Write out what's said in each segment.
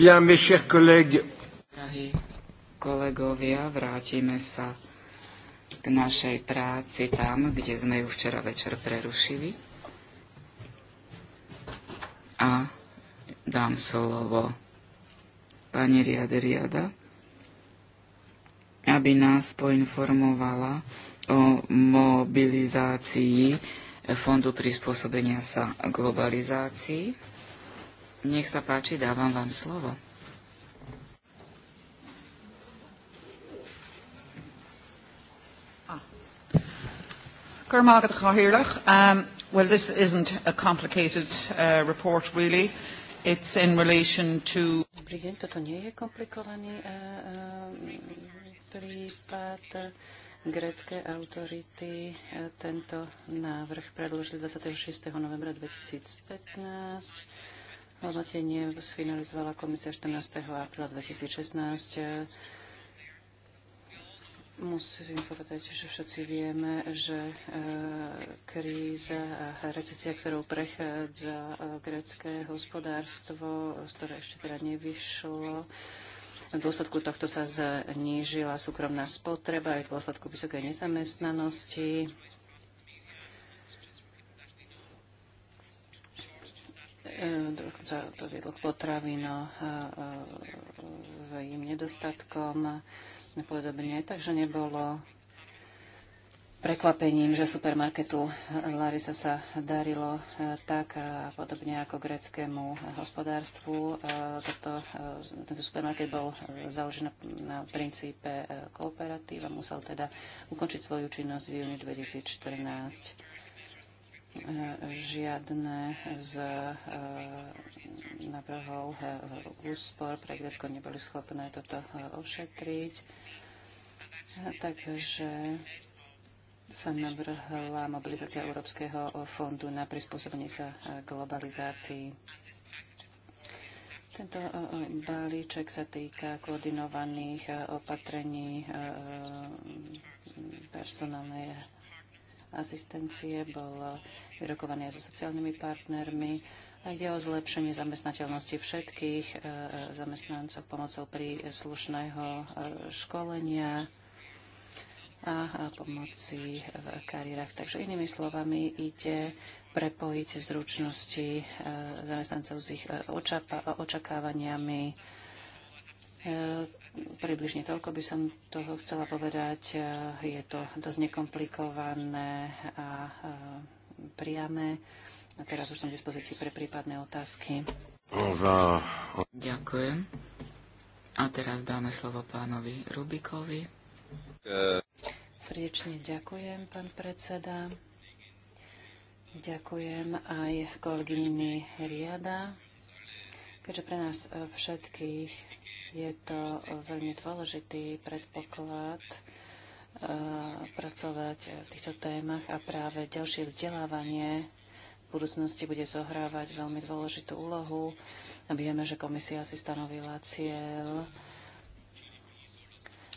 Bien, mes chers collègues. Drahí kolegovia, vrátime sa k našej práci tam, kde sme ju včera večer prerušili. A dám slovo pani Riade Riada, aby nás poinformovala o mobilizácii Fondu prispôsobenia sa globalizácii nech sa páči, dávam vám slovo. Ah. Gurmagad Um, Well, this isn't a complicated uh, report, really. It's in relation to... Dobrý deň, toto nie je komplikovaný uh, uh prípad. Grécké autority uh, tento návrh predložili 26. novembra 2015 Hodnotenie sfinalizovala komisia 14. apríla 2016. Musím povedať, že všetci vieme, že eh, kríza a recesia, ktorou prechádza eh, grecké hospodárstvo, z ktoré ešte teda nevyšlo, v dôsledku tohto sa znížila súkromná spotreba aj v dôsledku vysokej nezamestnanosti. dokonca to viedlo k svojím nedostatkom a podobne. Takže nebolo prekvapením, že supermarketu Larisa sa darilo e, tak podobne ako greckému hospodárstvu. E, toto, e, tento supermarket bol založený na princípe kooperatíva, musel teda ukončiť svoju činnosť v júni 2014 žiadne z eh, návrhov eh, úspor pre Grécko neboli schopné toto eh, ošetriť. Takže sa navrhla mobilizácia Európskeho fondu na prispôsobenie sa globalizácii. Tento balíček sa týka koordinovaných opatrení personálnej asistencie, bol vyrokovaný aj so sociálnymi partnermi a ide o zlepšenie zamestnateľnosti všetkých e, e, zamestnancov pomocou príslušného e, školenia a pomoci v kariérach. Takže inými slovami ide prepojiť zručnosti zamestnancov s ich očakávaniami Približne toľko by som toho chcela povedať. E, je to dosť nekomplikované a e, priame. A teraz už som v dispozícii pre prípadné otázky. Ďakujem. A teraz dáme slovo pánovi Rubikovi. E. Srdečne ďakujem, pán predseda. Ďakujem aj kolegyni Riada, keďže pre nás všetkých je to veľmi dôležitý predpoklad e, pracovať v týchto témach a práve ďalšie vzdelávanie v budúcnosti bude zohrávať veľmi dôležitú úlohu. A vieme, že komisia si stanovila cieľ,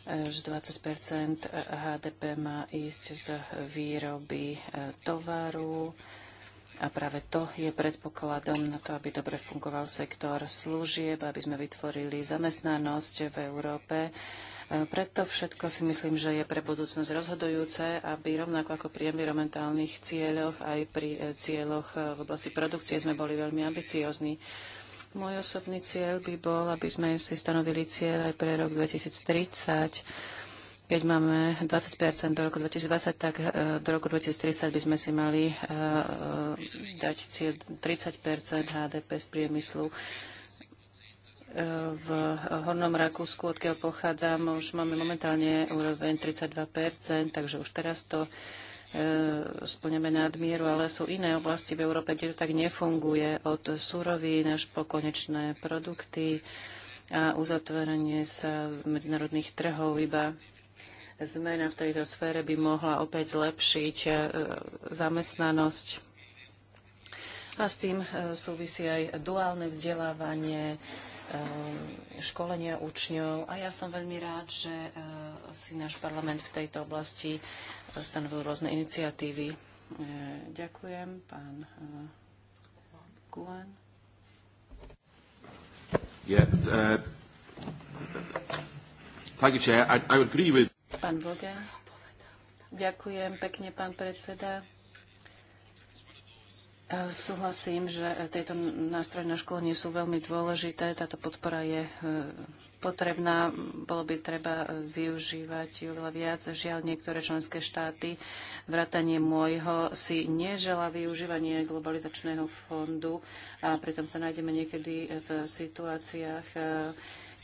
e, že 20 HDP má ísť z výroby e, tovaru a práve to je predpokladom na to, aby dobre fungoval sektor služieb, aby sme vytvorili zamestnanosť v Európe. E, preto všetko si myslím, že je pre budúcnosť rozhodujúce, aby rovnako ako pri environmentálnych cieľoch, aj pri e, cieľoch e, v oblasti produkcie sme boli veľmi ambiciozni. Môj osobný cieľ by bol, aby sme si stanovili cieľ aj pre rok 2030 keď máme 20 do roku 2020, tak e, do roku 2030 by sme si mali e, e, dať cieľ 30 HDP z priemyslu v Hornom Rakúsku, odkiaľ pochádzam, už máme momentálne úroveň 32%, takže už teraz to splneme splňame nadmieru, ale sú iné oblasti v Európe, kde to tak nefunguje, od súrovín až po konečné produkty a uzatvorenie sa medzinárodných trhov iba zmena v tejto sfére by mohla opäť zlepšiť e, zamestnanosť. A s tým e, súvisí aj duálne vzdelávanie, e, školenia učňov. A ja som veľmi rád, že si náš parlament v tejto oblasti stanovil rôzne iniciatívy. Ďakujem, pán Kuan. Yeah, uh, thank you, Chair. I, I agree with Pán Voga. Ďakujem pekne, pán predseda. E, súhlasím, že tieto nástroje na nie sú veľmi dôležité. Táto podpora je e, potrebná. Bolo by treba využívať ju veľa viac. Žiaľ, niektoré členské štáty, vrátanie môjho, si nežela využívanie globalizačného fondu a pritom sa nájdeme niekedy v situáciách, e,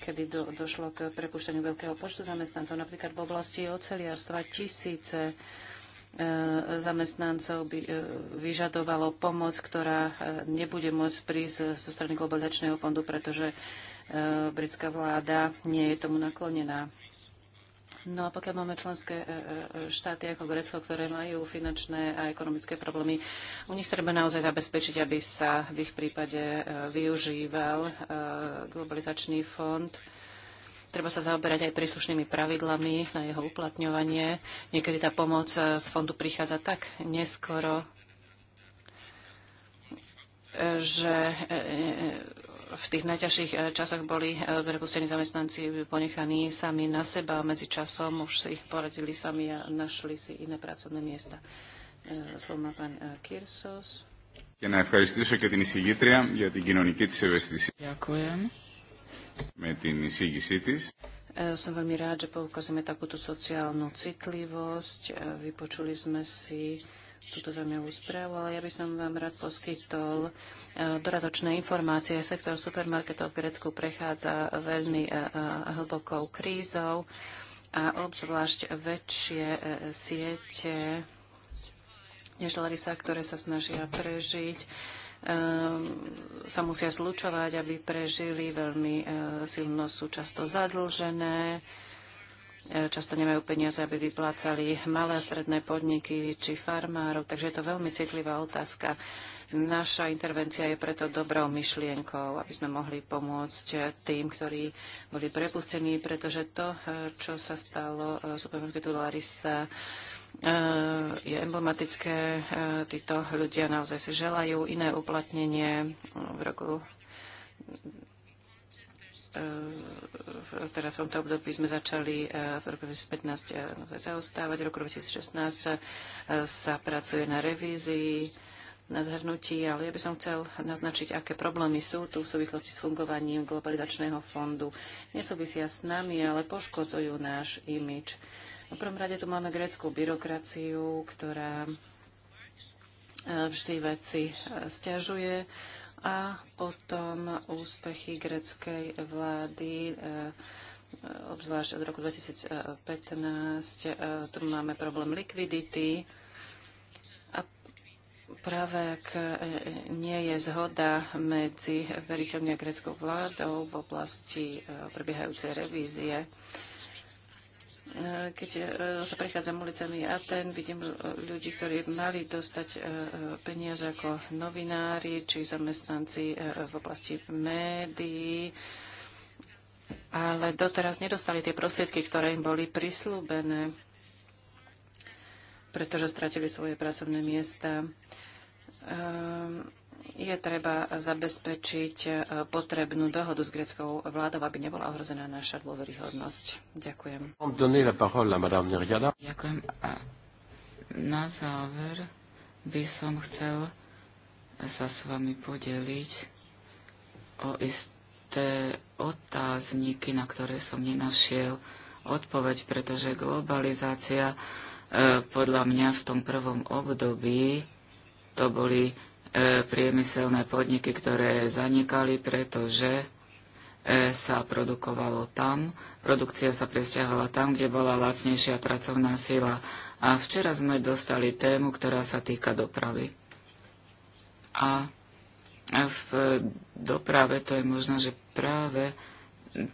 kedy do, došlo k prepušťaniu veľkého počtu zamestnancov. Napríklad v oblasti oceliarstva tisíce e, zamestnancov by e, vyžadovalo pomoc, ktorá e, nebude môcť prísť zo strany globalizačného fondu, pretože britská vláda nie je tomu naklonená. No a pokiaľ máme členské e, e, štáty ako Grécko, ktoré majú finančné a ekonomické problémy, u nich treba naozaj zabezpečiť, aby sa v ich prípade e, využíval globalizačný fond. Treba sa zaoberať aj príslušnými pravidlami na jeho uplatňovanie. Niekedy tá pomoc z fondu prichádza tak neskoro, že v tých najťažších eh, časoch boli eh, prepustení zamestnanci ponechaní sami na seba. a Medzi časom už si ich poradili sami a našli si iné pracovné miesta. Eh, slovo má pán Kirsos. Και να ευχαριστήσω και την εισηγήτρια για την κοινωνική της ευαισθησία με την εισήγησή της. Som veľmi rád, že poukazujeme takúto sociálnu citlivosť. Vypočuli sme si túto zaujímavú správu, ale ja by som vám rád poskytol e, doratočné informácie. Sektor supermarketov v Grécku prechádza veľmi e, e, hlbokou krízou a obzvlášť väčšie siete než Larisa, ktoré sa snažia prežiť, sa musia zlučovať, aby prežili. Veľmi silno sú často zadlžené často nemajú peniaze, aby vyplácali malé a stredné podniky či farmárov, takže je to veľmi citlivá otázka. Naša intervencia je preto dobrou myšlienkou, aby sme mohli pomôcť tým, ktorí boli prepustení, pretože to, čo sa stalo eh, supermarketu Larisa, eh, je emblematické. Eh, títo ľudia naozaj si želajú iné uplatnenie v roku E, teda v tomto období sme začali e, v roku 2015 e, zaostávať, v roku 2016 sa pracuje na revízii, na zhrnutí, ale ja by som chcel naznačiť, aké problémy sú tu v súvislosti s fungovaním globalizačného fondu. Nesúvisia s nami, ale poškodzujú náš imič. V prvom rade tu máme grécku byrokraciu, ktorá vždy veci stiažuje a potom úspechy greckej vlády eh, obzvlášť od roku 2015. Eh, tu máme problém likvidity a práve ak eh, nie je zhoda medzi veriteľmi a greckou vládou v oblasti prebiehajúcej revízie, E, keď e, sa prechádzam ulicami Aten, vidím e, ľudí, ktorí mali dostať peniaze ako novinári či zamestnanci v oblasti médií, ale doteraz nedostali tie prostriedky, ktoré im boli prislúbené, pretože stratili svoje pracovné miesta. Ehm, je treba zabezpečiť e, potrebnú dohodu s greckou vládou, aby nebola ohrozená naša dôveryhodnosť. Ďakujem. Ďakujem. A na záver by som chcel sa s vami podeliť o isté otázniky, na ktoré som nenašiel odpoveď, pretože globalizácia e, podľa mňa v tom prvom období to boli E, priemyselné podniky, ktoré zanikali, pretože e, sa produkovalo tam, produkcia sa presťahovala tam, kde bola lacnejšia pracovná sila. A včera sme dostali tému, ktorá sa týka dopravy. A v doprave to je možno, že práve e,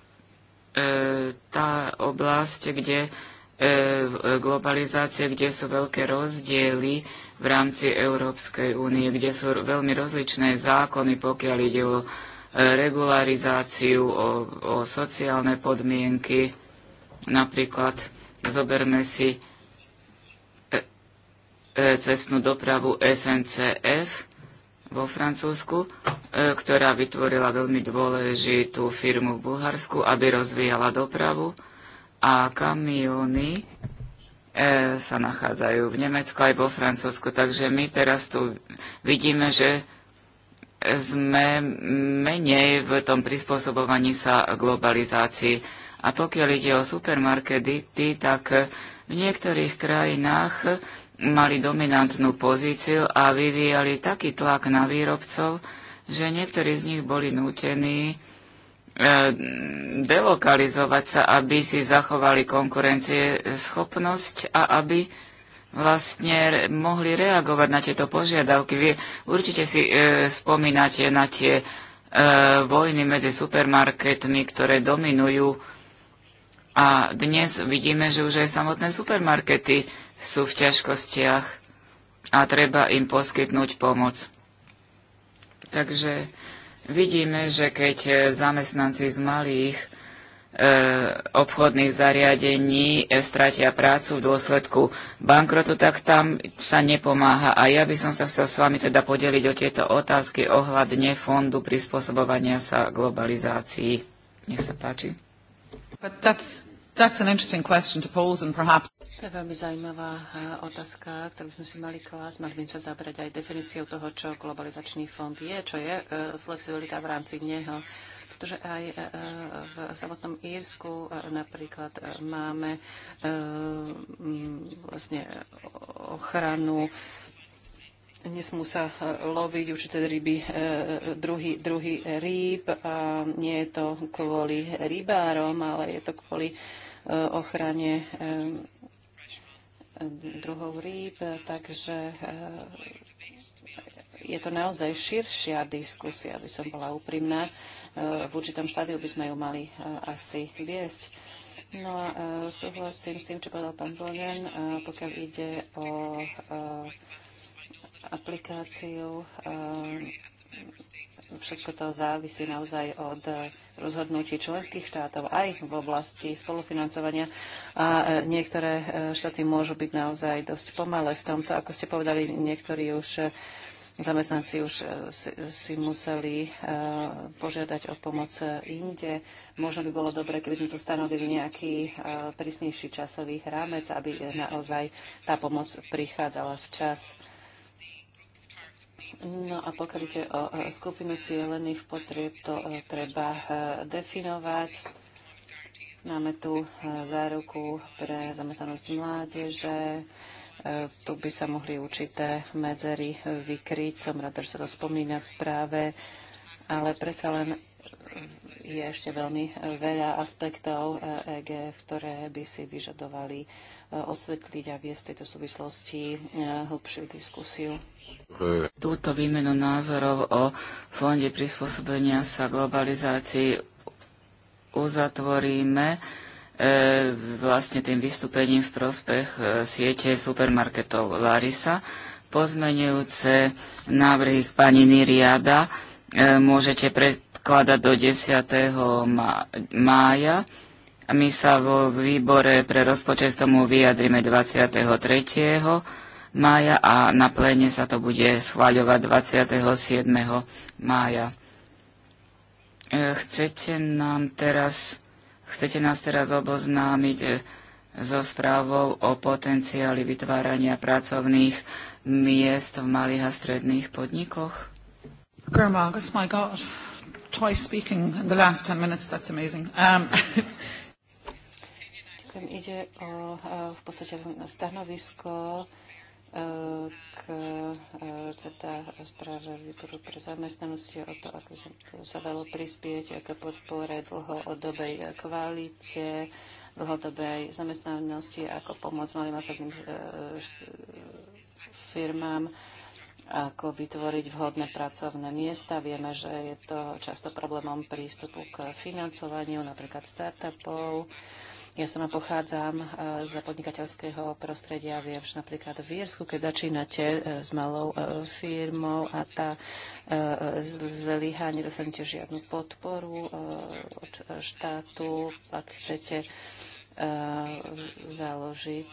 tá oblasť, kde E, e, globalizácie, kde sú veľké rozdiely v rámci Európskej únie, kde sú veľmi rozličné zákony, pokiaľ ide o e, regularizáciu, o, o sociálne podmienky. Napríklad zoberme si cestnú dopravu SNCF vo Francúzsku, ktorá vytvorila veľmi dôležitú firmu v Bulharsku, aby rozvíjala dopravu a kamióny e, sa nachádzajú v Nemecku aj vo Francúzsku. Takže my teraz tu vidíme, že sme menej v tom prispôsobovaní sa globalizácii. A pokiaľ ide o supermarkety, tak v niektorých krajinách mali dominantnú pozíciu a vyvíjali taký tlak na výrobcov, že niektorí z nich boli nútení E, delokalizovať sa, aby si zachovali konkurencie schopnosť a aby vlastne mohli reagovať na tieto požiadavky. Vy určite si e, spomínate na tie e, vojny medzi supermarketmi, ktoré dominujú a dnes vidíme, že už aj samotné supermarkety sú v ťažkostiach a treba im poskytnúť pomoc. Takže Vidíme, že keď e, zamestnanci z malých e, obchodných zariadení e, stratia prácu v dôsledku bankrotu, tak tam sa nepomáha. A ja by som sa chcel s vami teda podeliť o tieto otázky ohľadne fondu prispôsobovania sa globalizácii. Nech sa páči. That's, that's perhaps... To je veľmi zaujímavá otázka, ktorú by sme si mali klásť. Mali by sa zabrať aj definíciou toho, čo globalizačný fond je, čo je e, flexibilita v rámci neho. Pretože aj e, e, v samotnom Írsku napríklad máme vlastne ochranu nesmú sa loviť určité ryby, druhý, druhý rýb. A nie je to kvôli rybárom, ale je to kvôli ochrane druhov rýb, takže eh, je to naozaj širšia diskusia, aby som bola úprimná. Eh, v určitom štádiu by sme ju mali eh, asi viesť. No a súhlasím s tým, čo povedal pán Bogen, pokiaľ ide o aplikáciu všetko to závisí naozaj od rozhodnutí členských štátov aj v oblasti spolufinancovania a e, niektoré e, štáty môžu byť naozaj dosť pomalé v tomto. Ako ste povedali, niektorí už e, zamestnanci už si, si museli požiadať o pomoc inde. Možno by bolo dobre, keby sme tu stanovili nejaký prísnejší časový rámec, aby naozaj tá pomoc prichádzala včas. No a pokiaľ ide o skupinu cieľených potrieb, to e, treba e, definovať. Máme tu e, záruku pre zamestnanosť mládeže. Tu by sa mohli určité medzery vykryť. Som rada, že sa to spomína v správe, ale predsa len je ešte veľmi veľa aspektov EGF, ktoré by si vyžadovali Eh, osvetliť a viesť v tejto súvislosti hĺbšiu eh, diskusiu. Túto výmenu názorov o Fonde prispôsobenia sa globalizácii uzatvoríme eh, vlastne tým vystúpením v prospech siete supermarketov Larisa. Pozmenujúce návrhy pani Niriada môžete predkladať do 10. mája. My sa vo výbore pre rozpočet k tomu vyjadrime 23. mája a na pléne sa to bude schváľovať 27. mája. E, chcete, nám teraz, chcete nás teraz oboznámiť e, so správou o potenciáli vytvárania pracovných miest v malých a stredných podnikoch? Grandma, my God, twice speaking in the last 10 minutes, that's amazing. Um, Ďakujem. Ide o eh, v podstate stanovisko eh, k eh, teda správe výboru pre zamestnanosti o to, ako sa dalo prispieť k podpore dlhodobej kvalite, dlhodobej zamestnanosti, ako pomoc malým a stredným firmám ako vytvoriť vhodné pracovné miesta. Vieme, že je to často problémom prístupu k financovaniu, napríklad startupov. Ja sama pochádzam eh, z podnikateľského prostredia, viem, že napríklad v Írsku, keď začínate eh, s malou eh, firmou a tá zlyhá, nedostanete žiadnu podporu od štátu, ak chcete založiť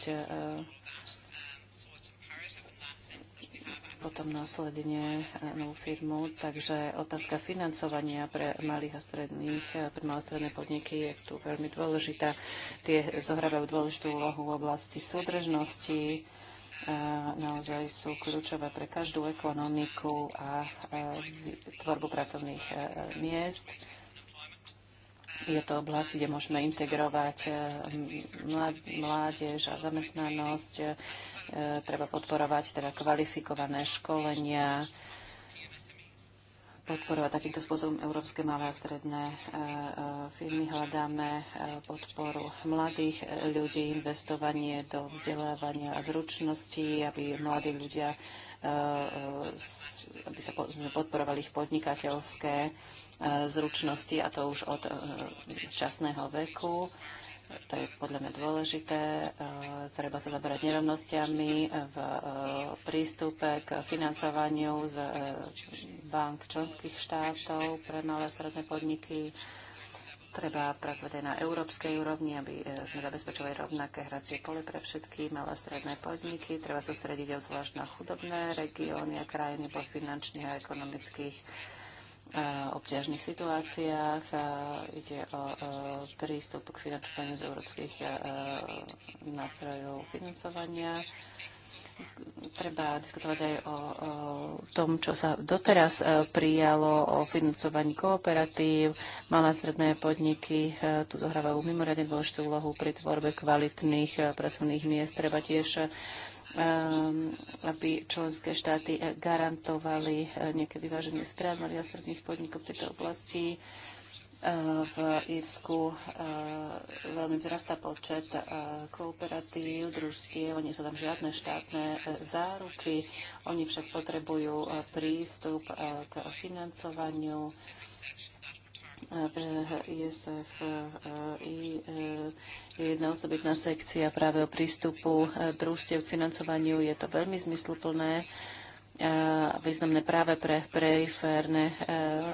potom následne e, novú firmu. Takže otázka financovania pre malých a stredných, e, pre malé stredné podniky je tu veľmi dôležitá. Tie zohrávajú dôležitú úlohu v oblasti súdržnosti, e, naozaj sú kľúčové pre každú ekonomiku a tvorbu pracovných miest je to oblasť, kde môžeme integrovať eh, mládež a zamestnanosť. Eh, treba podporovať teda kvalifikované školenia, podporovať takýmto spôsobom európske malé a stredné eh, firmy. Hľadáme podporu mladých ľudí, investovanie do vzdelávania a zručností, aby mladí ľudia Eh, aby sa podporovali ich podnikateľské eh, zručnosti a to už od časného eh, veku. To je podľa mňa dôležité. Treba sa zaberať nerovnostiami v prístupe k financovaniu z bank členských štátov pre malé a stredné podniky Treba pracovať aj na európskej úrovni, aby e, sme zabezpečovali rovnaké hracie pole pre všetky malé a stredné podniky. Treba sústrediť obzvlášť na chudobné regióny a krajiny po finančných a ekonomických e, obťažných situáciách. E, ide o prístup k financovaniu z európskych nástrojov financovania treba diskutovať aj o, o tom, čo sa doteraz e, prijalo, o financovaní kooperatív. Malé a stredné podniky e, tu zohrávajú mimoriadne dôležitú úlohu pri tvorbe kvalitných e, pracovných miest. Treba tiež aby členské štáty garantovali nejaké vyváženie strán malých a stredných podnikov v tejto oblasti Eh, v Írsku eh, veľmi vzrastá počet eh, kooperatív, družstiev, nie sú tam žiadne štátne záruky. Oni však potrebujú prístup k financovaniu. ISF je jedna osobitná sekcia práve o prístupu družstiev k financovaniu. Je to veľmi zmysluplné významné práve pre periférne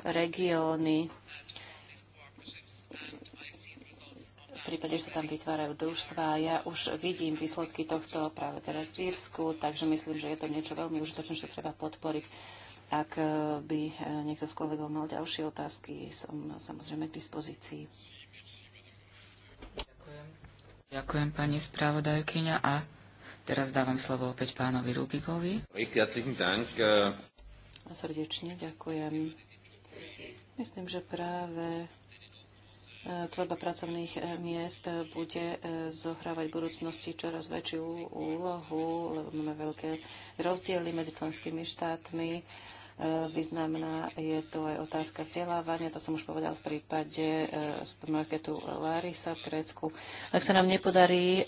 regióny prípade, že sa tam vytvárajú družstva. Ja už vidím výsledky tohto práve teraz v Írsku, takže myslím, že je to niečo veľmi užitočné, čo treba podporiť. Ak e, by e, niekto z kolegov mal ďalšie otázky, som samozrejme k dispozícii. Ďakujem. Ďakujem pani spravodajkyňa a teraz dávam slovo opäť pánovi Rubikovi. E. Srdečne ďakujem. Myslím, že práve tvorba pracovných eh, miest bude eh, zohrávať v budúcnosti čoraz väčšiu úlohu, lebo máme veľké rozdiely medzi členskými štátmi Významná je tu aj otázka vzdelávania, to som už povedal v prípade eh, supermarketu Larisa v Grécku. Ak sa nám nepodarí eh,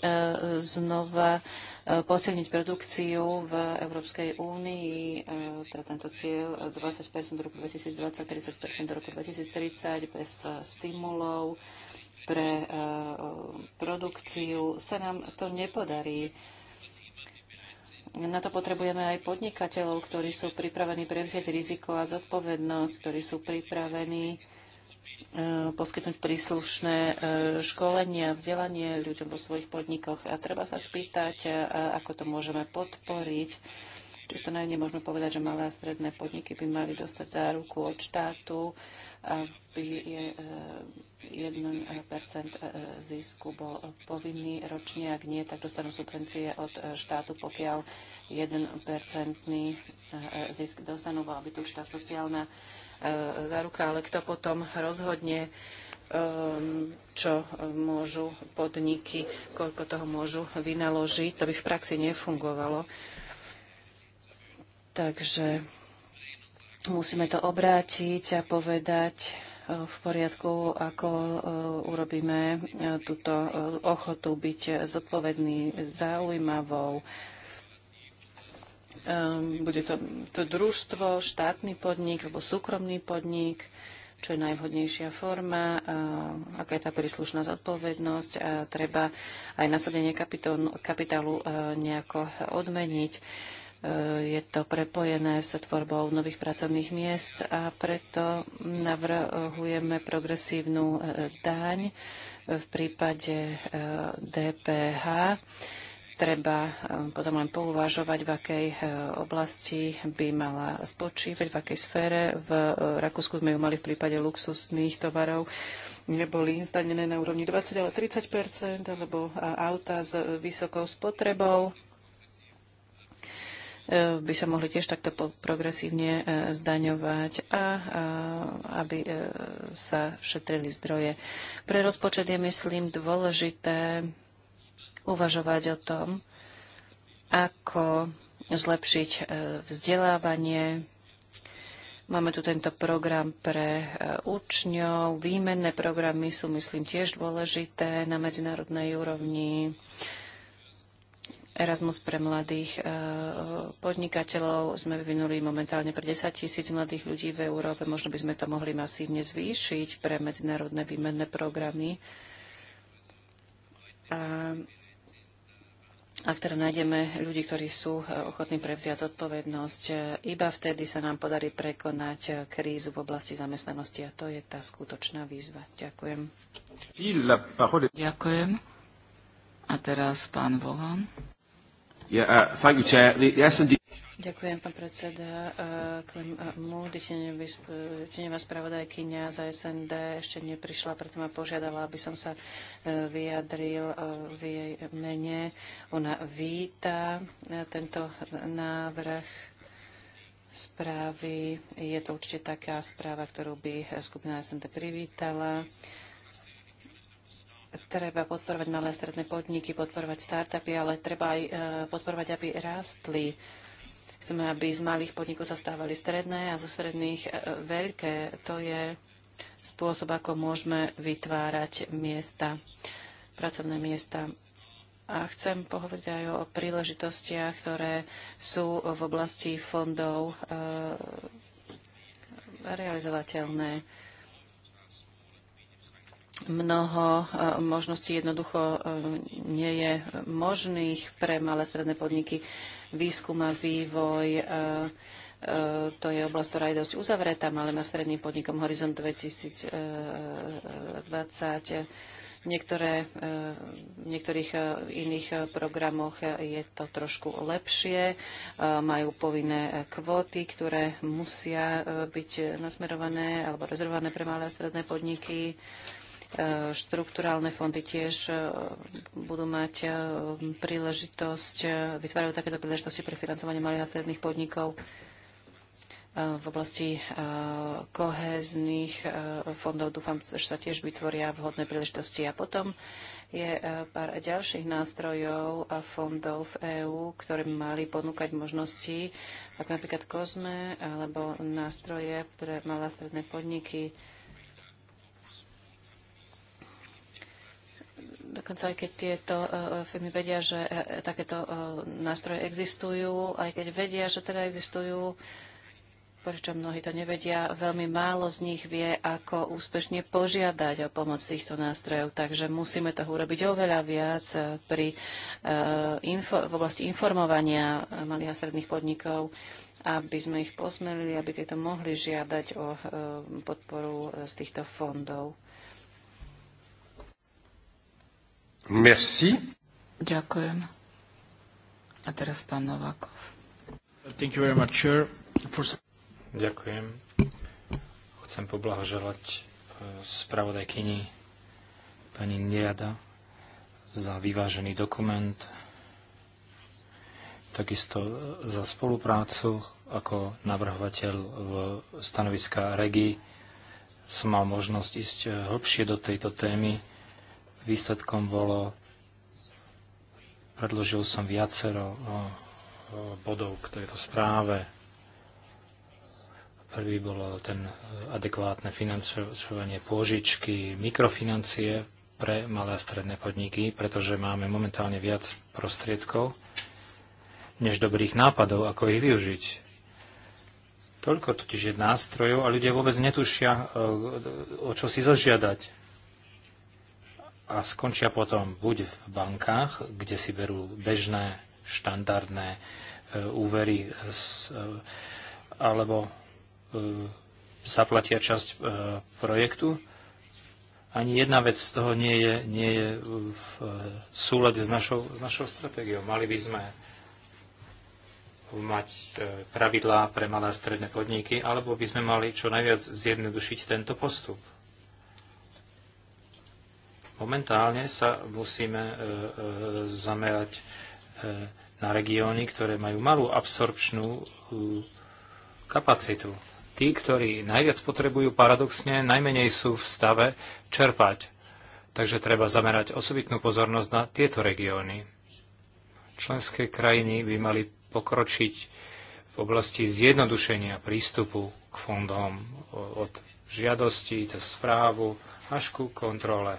znova eh, posilniť produkciu v Európskej únii, teda tento cieľ 20 do roku 2020, 30 do roku 2030 bez stimulov pre produkciu, sa nám to nepodarí na to potrebujeme aj podnikateľov, ktorí sú pripravení prevziať riziko a zodpovednosť, ktorí sú pripravení e, poskytnúť príslušné e, školenia, vzdelanie ľuďom vo svojich podnikoch. A treba sa spýtať, e, ako to môžeme podporiť Čisto najmä možno povedať, že malé a stredné podniky by mali dostať záruku od štátu, aby je 1% eh, eh, eh, zisku bol povinný ročne, ak nie, tak dostanú subvencie od štátu, pokiaľ 1% zisk dostanú, bola by tu už tá sociálna záruka, ale kto potom rozhodne, ehm, čo môžu podniky, koľko toho môžu vynaložiť, to by v praxi nefungovalo. Takže musíme to obrátiť a povedať e, v poriadku, ako e, urobíme e, túto ochotu byť zodpovedný, zaujímavou. Bude to, to družstvo, štátny podnik alebo súkromný podnik, čo je najvhodnejšia forma, aká je tá príslušná zodpovednosť a treba aj nasadenie kapitálu nejako odmeniť. Je to prepojené s tvorbou nových pracovných miest a preto navrhujeme progresívnu e, daň v prípade e, DPH. Treba e, potom len pouvažovať, v akej oblasti by mala spočívať, v akej sfére. V Rakúsku sme ju mali v prípade luxusných tovarov neboli zdanené na úrovni 20, ale 30 alebo auta s vysokou spotrebou E, by sa mohli tiež takto progresívne e, zdaňovať a aby e, sa šetrili zdroje. Pre rozpočet je, myslím, dôležité uvažovať o tom, ako zlepšiť vzdelávanie. Máme tu tento program pre učňov. Výmenné programy sú, myslím, tiež dôležité na medzinárodnej úrovni Erasmus pre mladých eh, podnikateľov sme vyvinuli momentálne pre 10 tisíc mladých ľudí v Európe. Možno by sme to mohli masívne zvýšiť pre medzinárodné výmenné programy. A ak teda nájdeme ľudí, ktorí sú eh, ochotní prevziať odpovednosť, eh, iba vtedy sa nám podarí prekonať krízu v oblasti zamestnanosti a to je tá skutočná výzva. Ďakujem. Ďakujem. A teraz pán Volán. Uh, Ďakujem, pán predseda. Klem uh, uh, Múdy, tenevá spravodajkynia za SND, ešte neprišla, preto ma požiadala, aby som sa vyjadril v jej mene. Ona víta tento návrh správy. Je to určite taká správa, ktorú by skupina SND privítala. Treba podporovať malé a stredné podniky, podporovať startupy, ale treba aj e, podporovať, aby rástli. Chceme, aby z malých podnikov sa stávali stredné a zo stredných e, veľké. To je spôsob, ako môžeme vytvárať miesta, pracovné miesta. A chcem pohovoriť aj o príležitostiach, ktoré sú v oblasti fondov e, realizovateľné mnoho eh, možností jednoducho eh, nie je možných pre malé stredné podniky. Výskum a vývoj, eh, to je oblasť, ktorá je dosť uzavretá malým a stredným podnikom Horizont 2020. Niektoré, v niektorých iných programoch je to trošku lepšie. Majú povinné kvóty, ktoré musia byť nasmerované alebo rezervované pre malé a stredné podniky. E, Štrukturálne fondy tiež e, budú mať e, príležitosť, vytvárajú takéto príležitosti pre financovanie malých a stredných podnikov v oblasti kohezných fondov dúfam, že sa tiež vytvoria vhodné príležitosti. A potom je pár ďalších nástrojov a fondov v EÚ, ktoré mali ponúkať možnosti, ako napríklad COSME alebo nástroje pre malé a stredné podniky. dokonca aj keď tieto e, e, firmy vedia, že e, takéto nástroje existujú, aj keď vedia, že teda existujú, prečo mnohí to nevedia, veľmi málo z nich vie, ako úspešne požiadať o pomoc týchto nástrojov. Takže musíme toho urobiť oveľa viac pri, uh, info, v oblasti informovania malých a stredných podnikov, aby sme ich posmerili, aby tieto mohli žiadať o uh, podporu z týchto fondov. Merci. Ďakujem. A teraz pán Novákov. Thank you very much, sir. For... Ďakujem. Chcem poblahoželať e, spravodajkyni pani Niada za vyvážený dokument, takisto e, za spoluprácu ako navrhovateľ v stanoviska REGI. Som mal možnosť ísť e, hlbšie do tejto témy Výsledkom bolo, predložil som viacero bodov k tejto správe. Prvý bolo ten e, adekvátne financovanie pôžičky, mikrofinancie pre malé a stredné podniky, pretože máme momentálne viac prostriedkov než dobrých nápadov, ako ich využiť. Toľko totiž je nástrojov a ľudia vôbec netušia, e, o čo si zažiadať a skončia potom buď v bankách, kde si berú bežné, štandardné e, úvery, e, alebo e, zaplatia časť projektu. Ani jedna vec z toho nie je, nie je v súlade s našou, s našou stratégiou. Mali by sme mať pravidlá pre malé a stredné podniky, alebo by sme mali čo najviac zjednodušiť tento postup. Momentálne sa musíme e, e, zamerať e, na regióny, ktoré majú malú absorpčnú kapacitu. Tí, ktorí najviac potrebujú, paradoxne najmenej sú v stave čerpať. Takže treba zamerať osobitnú pozornosť na tieto regióny. Členské krajiny by mali pokročiť v oblasti zjednodušenia prístupu k fondom od žiadosti cez správu až ku kontrole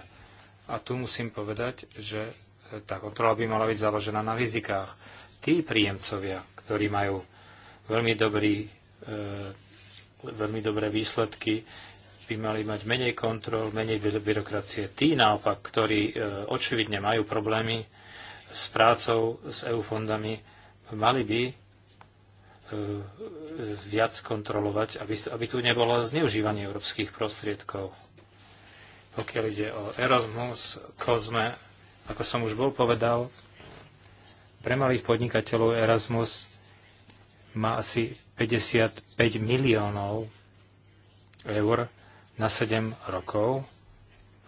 a tu musím povedať, že e, tá kontrola by mala byť založená na rizikách. Tí príjemcovia, ktorí majú veľmi, dobrý, e, veľmi dobré výsledky, by mali mať menej kontrol, menej byrokracie. Tí naopak, ktorí e, očividne majú problémy s prácou, s EU fondami, mali by e, e viac kontrolovať, aby, aby tu nebolo zneužívanie európskych prostriedkov pokiaľ ide o Erasmus, Kozme, ako som už bol povedal, pre malých podnikateľov Erasmus má asi 55 miliónov eur na 7 rokov.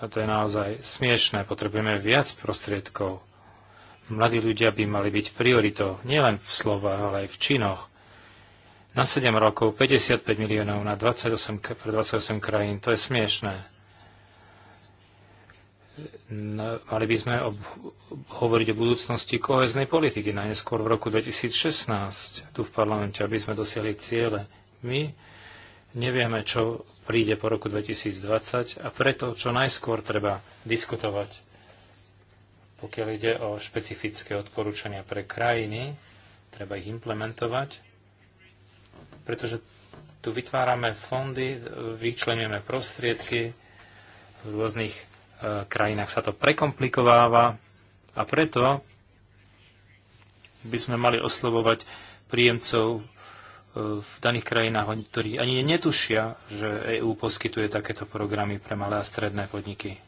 A to je naozaj smiešné. Potrebujeme viac prostriedkov. Mladí ľudia by mali byť prioritou, nielen v slovách, ale aj v činoch. Na 7 rokov 55 miliónov na 28, pre 28 krajín, to je smiešné mali by sme ob, hovoriť o budúcnosti koheznej politiky najneskôr v roku 2016 tu v parlamente, aby sme dosiahli ciele. My nevieme, čo príde po roku 2020 a preto čo najskôr treba diskutovať, pokiaľ ide o špecifické odporúčania pre krajiny, treba ich implementovať, pretože tu vytvárame fondy, vyčlenujeme prostriedky v rôznych E, krajinách sa to prekomplikováva a preto by sme mali oslovovať príjemcov e, v daných krajinách, ktorí ani netušia, že EÚ poskytuje takéto programy pre malé a stredné podniky.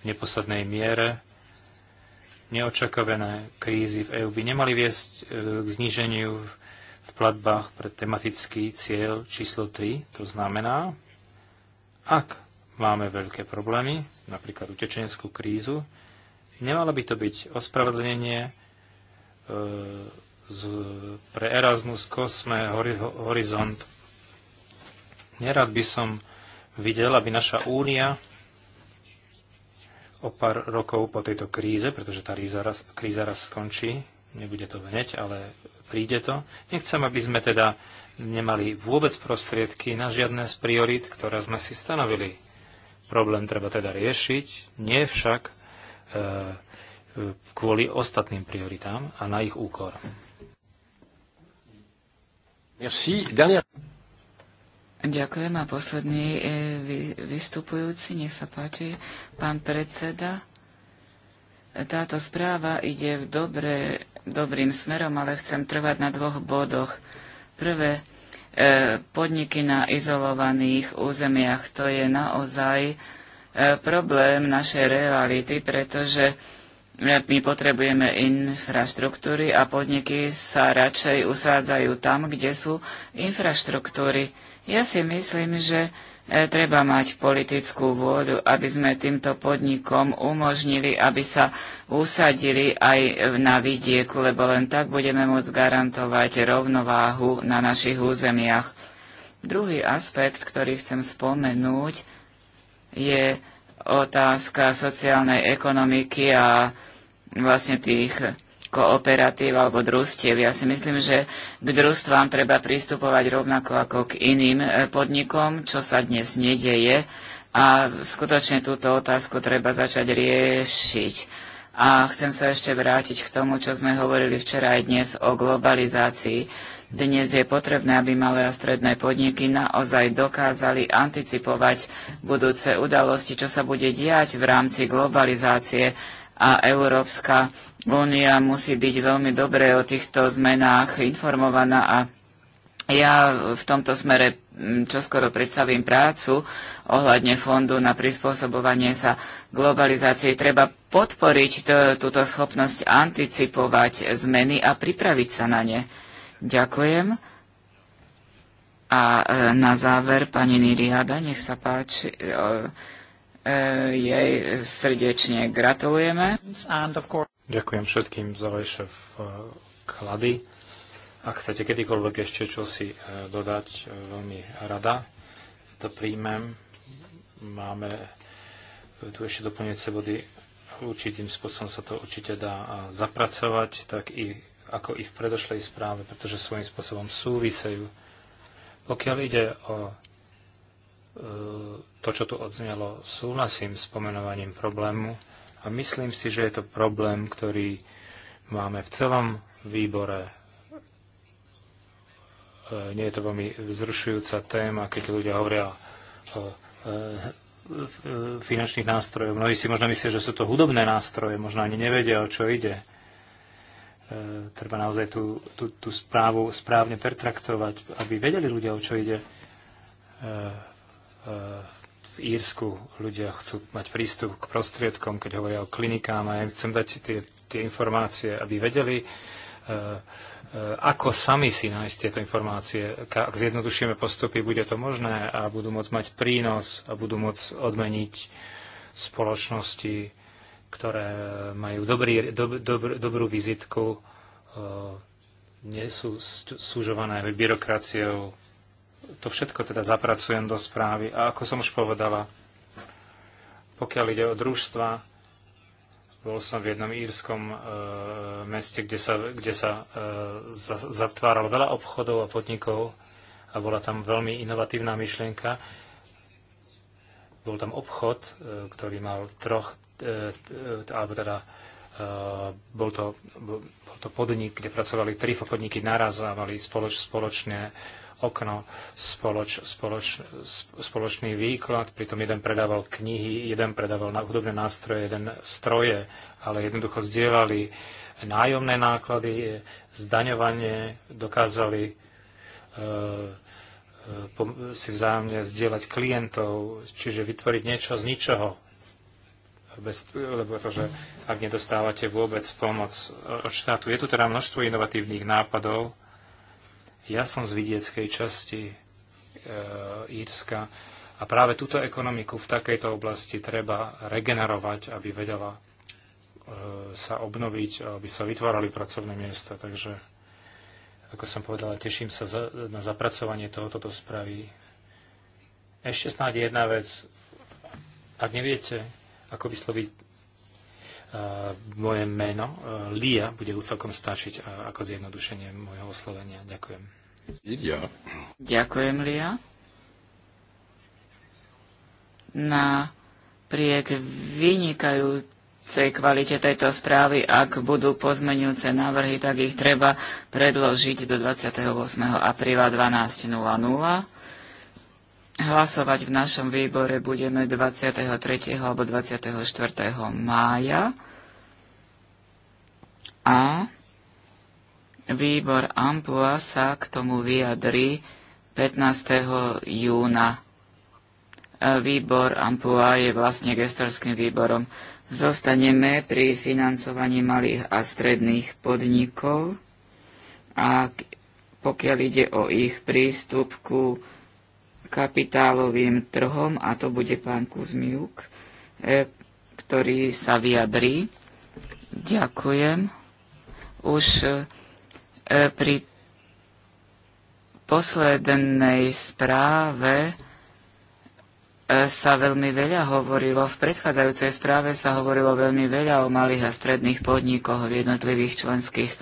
V neposlednej miere neočakávané krízy v EÚ by nemali viesť e, k zníženiu v platbách pre tematický cieľ číslo 3. To znamená, ak Máme veľké problémy, napríklad utečenskú krízu. Nemalo by to byť e, z, pre Erasmus, Kosme, Horizont. Nerad by som videl, aby naša únia o pár rokov po tejto kríze, pretože tá kríza raz, kríza raz skončí, nebude to hneď, ale príde to. Nechcem, aby sme teda nemali vôbec prostriedky na žiadne z priorit, ktoré sme si stanovili. Problém treba teda riešiť, nie však e, kvôli ostatným prioritám a na ich úkor. Merci. Dernier... Ďakujem a posledný e, vystupujúci, nech sa páči, pán predseda. Táto správa ide v dobre, dobrým smerom, ale chcem trvať na dvoch bodoch. Prvé, E, podniky na izolovaných územiach. To je naozaj e, problém našej reality, pretože my potrebujeme infraštruktúry a podniky sa radšej usádzajú tam, kde sú infraštruktúry. Ja si myslím, že E, treba mať politickú vôľu, aby sme týmto podnikom umožnili, aby sa usadili aj na vidieku, lebo len tak budeme môcť garantovať rovnováhu na našich územiach. Druhý aspekt, ktorý chcem spomenúť, je otázka sociálnej ekonomiky a vlastne tých kooperatív alebo družstiev. Ja si myslím, že k družstvám treba pristupovať rovnako ako k iným e, podnikom, čo sa dnes nedeje. A skutočne túto otázku treba začať riešiť. A chcem sa ešte vrátiť k tomu, čo sme hovorili včera aj dnes o globalizácii. Dnes je potrebné, aby malé a stredné podniky naozaj dokázali anticipovať budúce udalosti, čo sa bude diať v rámci globalizácie a Európska únia musí byť veľmi dobre o týchto zmenách informovaná a ja v tomto smere mm, čoskoro predstavím prácu ohľadne fondu na prispôsobovanie sa globalizácii. Treba podporiť túto schopnosť anticipovať zmeny a pripraviť sa na ne. Ďakujem. A e, na záver, pani Niriada, nech sa páči. E, E, jej srdečne gratulujeme. Ďakujem všetkým za vaše vklady. Ak chcete kedykoľvek ešte čo si e, dodať, e, veľmi rada to príjmem. Máme tu ešte doplňujúce body. Určitým spôsobom sa to určite dá zapracovať, tak i, ako i v predošlej správe, pretože svojím spôsobom súvisejú. Pokiaľ ide o e, to, čo tu odznelo, súhlasím s pomenovaním problému a myslím si, že je to problém, ktorý máme v celom výbore. E, nie je to veľmi vzrušujúca téma, keď ľudia hovoria o e, e, finančných nástrojov. Mnohí si možno myslia, že sú to hudobné nástroje, možno ani nevedia, o čo ide. Treba naozaj tú, tú, tú správu správne pertraktovať, aby vedeli ľudia, o čo ide v Írsku ľudia chcú mať prístup k prostriedkom, keď hovoria o klinikám a ja chcem dať tie, tie informácie, aby vedeli, e, e, ako sami si nájsť tieto informácie. Ak zjednodušíme postupy, bude to možné a budú môcť mať prínos a budú môcť odmeniť spoločnosti, ktoré majú dobrý, dob, dob, dobrú vizitku, e, nie sú súžované byrokraciou, to všetko teda zapracujem do správy. A ako som už povedala, pokiaľ ide o družstva, bol som v jednom írskom e, meste, kde sa, kde sa e, za, zatváralo veľa obchodov a podnikov a bola tam veľmi inovatívna myšlienka. Bol tam obchod, e, ktorý mal troch, e, t, e, alebo teda e, bol, to, bol to podnik, kde pracovali tri podniky naraz a mali spoloč, spoločné okno, spoloč, spoloč, spoločný výklad, pritom jeden predával knihy, jeden predával na hudobné nástroje, jeden stroje, ale jednoducho zdieľali nájomné náklady, zdaňovanie, dokázali e, e, si vzájomne zdieľať klientov, čiže vytvoriť niečo z ničoho. Bez, lebo to, že ak nedostávate vôbec pomoc od štátu. Je tu teda množstvo inovatívnych nápadov, ja som z vidieckej časti e, Írska a práve túto ekonomiku v takejto oblasti treba regenerovať, aby vedela e, sa obnoviť, aby sa vytvárali pracovné miesta. Takže, ako som povedala, teším sa za, na zapracovanie tohoto do správy. Ešte snáď jedna vec. Ak neviete, ako vysloviť E, moje meno e, Lia bude celkom stačiť e, ako zjednodušenie môjho oslovenia. Ďakujem. Lia. Ďakujem, Lia. Na priek vynikajúcej kvalite tejto správy, ak budú pozmenujúce návrhy, tak ich treba predložiť do 28. apríla 12.00 Hlasovať v našom výbore budeme 23. alebo 24. mája a výbor Ampua sa k tomu vyjadri 15. júna. Výbor Ampua je vlastne gestorským výborom. Zostaneme pri financovaní malých a stredných podnikov a pokiaľ ide o ich prístup ku kapitálovým trhom, a to bude pán Kuzmiuk, e, ktorý sa vyjadrí. Ďakujem. Už e, pri poslednej správe e, sa veľmi veľa hovorilo. V predchádzajúcej správe sa hovorilo veľmi veľa o malých a stredných podnikoch v jednotlivých členských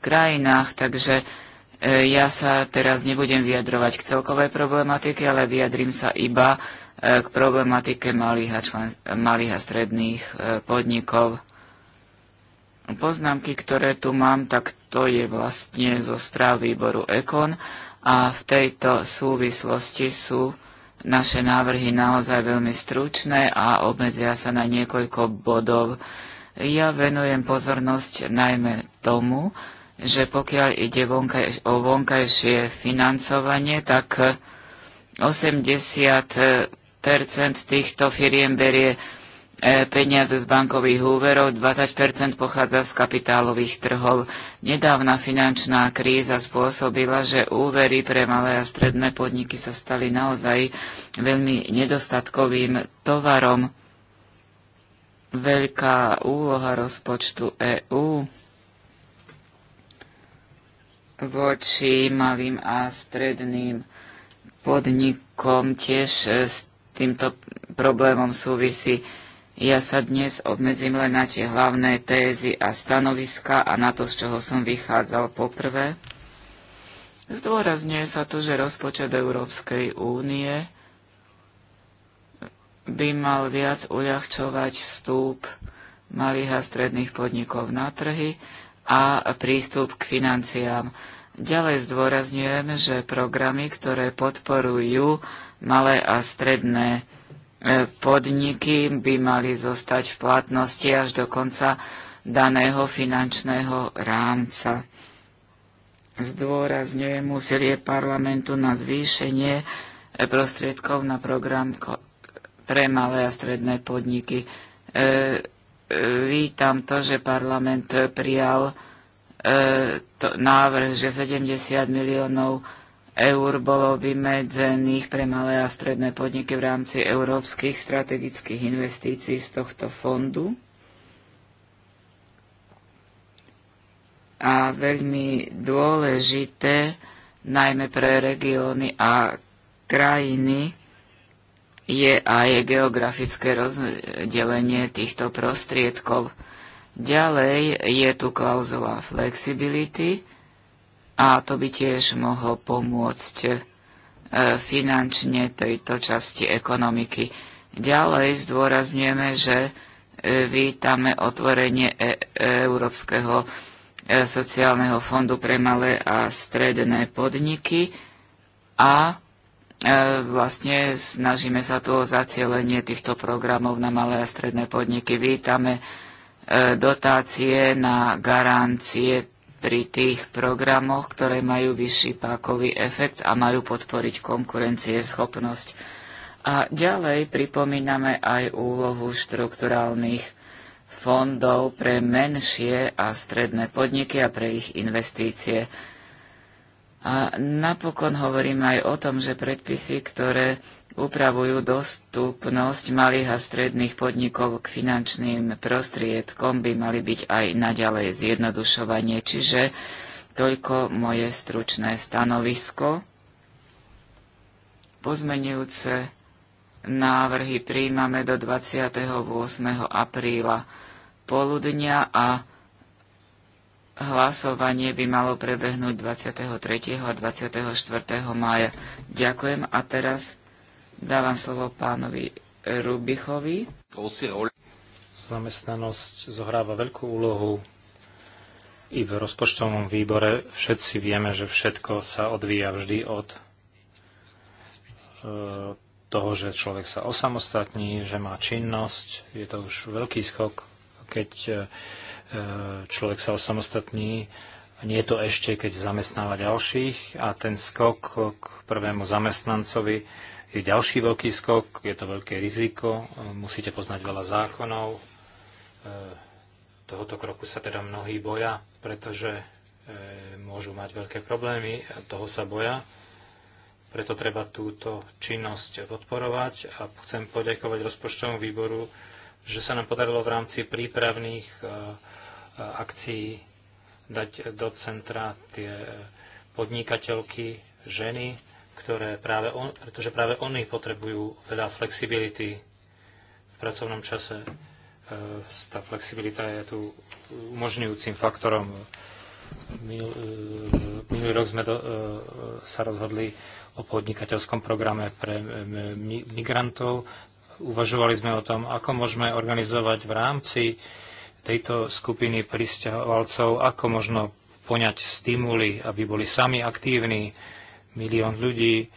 krajinách, takže E, ja sa teraz nebudem vyjadrovať k celkovej problematike, ale vyjadrím sa iba e, k problematike malých a, člen, malých a stredných e, podnikov. Poznámky, ktoré tu mám, tak to je vlastne zo správ výboru EKON a v tejto súvislosti sú naše návrhy naozaj veľmi stručné a obmedzia sa na niekoľko bodov. Ja venujem pozornosť najmä tomu, že pokiaľ ide vonkaj, o vonkajšie financovanie, tak 80 eh, týchto firiem berie eh, peniaze z bankových úverov, 20 pochádza z kapitálových trhov. Nedávna finančná kríza spôsobila, že úvery pre malé a stredné podniky sa stali naozaj veľmi nedostatkovým tovarom. Veľká úloha rozpočtu EÚ voči malým a stredným podnikom tiež e, s týmto problémom súvisí. Ja sa dnes obmedzím len na tie hlavné tézy a stanoviska a na to, z čoho som vychádzal poprvé. Zdôrazňuje sa to, že rozpočet Európskej únie by mal viac uľahčovať vstup malých a stredných podnikov na trhy, a prístup k financiám. Ďalej zdôrazňujem, že programy, ktoré podporujú malé a stredné e, podniky, by mali zostať v platnosti až do konca daného finančného rámca. Zdôrazňujem úsilie parlamentu na zvýšenie e, prostriedkov na program pre malé a stredné podniky. E, vítam to, že parlament prijal e, to, návrh, že 70 miliónov eur bolo vymedzených pre malé a stredné podniky v rámci európskych strategických investícií z tohto fondu. A veľmi dôležité, najmä pre regióny a krajiny, je aj geografické rozdelenie týchto prostriedkov. Ďalej je tu klauzula flexibility a to by tiež mohlo pomôcť e, finančne tejto časti ekonomiky. Ďalej zdôrazňujeme, že e, vítame otvorenie e Európskeho e, sociálneho fondu pre malé a stredné podniky a E, vlastne snažíme sa tu o zacielenie týchto programov na malé a stredné podniky. Vítame e, dotácie na garancie pri tých programoch, ktoré majú vyšší pákový efekt a majú podporiť konkurencieschopnosť. A ďalej pripomíname aj úlohu štrukturálnych fondov pre menšie a stredné podniky a pre ich investície. A napokon hovorím aj o tom, že predpisy, ktoré upravujú dostupnosť malých a stredných podnikov k finančným prostriedkom, by mali byť aj naďalej zjednodušovanie. Čiže toľko moje stručné stanovisko. Pozmenujúce návrhy príjmame do 28. apríla poludnia a Hlasovanie by malo prebehnúť 23. a 24. mája. Ďakujem a teraz dávam slovo pánovi Rubichovi. Zamestnanosť zohráva veľkú úlohu i v rozpočtovom výbore. Všetci vieme, že všetko sa odvíja vždy od e, toho, že človek sa osamostatní, že má činnosť. Je to už veľký skok, keď e, E, človek sa osamostatní. Nie je to ešte, keď zamestnáva ďalších a ten skok k prvému zamestnancovi je ďalší veľký skok, je to veľké riziko, e, musíte poznať veľa zákonov. E, tohoto kroku sa teda mnohí boja, pretože môžu mať veľké problémy, toho sa boja. Preto treba túto činnosť podporovať a chcem poďakovať rozpočtovému výboru že sa nám podarilo v rámci prípravných e, e, akcií dať do centra tie podnikateľky, ženy, ktoré práve on, pretože práve oni potrebujú veľa teda flexibility v pracovnom čase. E, tá flexibilita je tu umožňujúcim faktorom. Minulý rok sme do, sa rozhodli o podnikateľskom programe pre migrantov. Uvažovali sme o tom, ako môžeme organizovať v rámci tejto skupiny pristahovalcov, ako možno poňať stimuly, aby boli sami aktívni. Milión ľudí,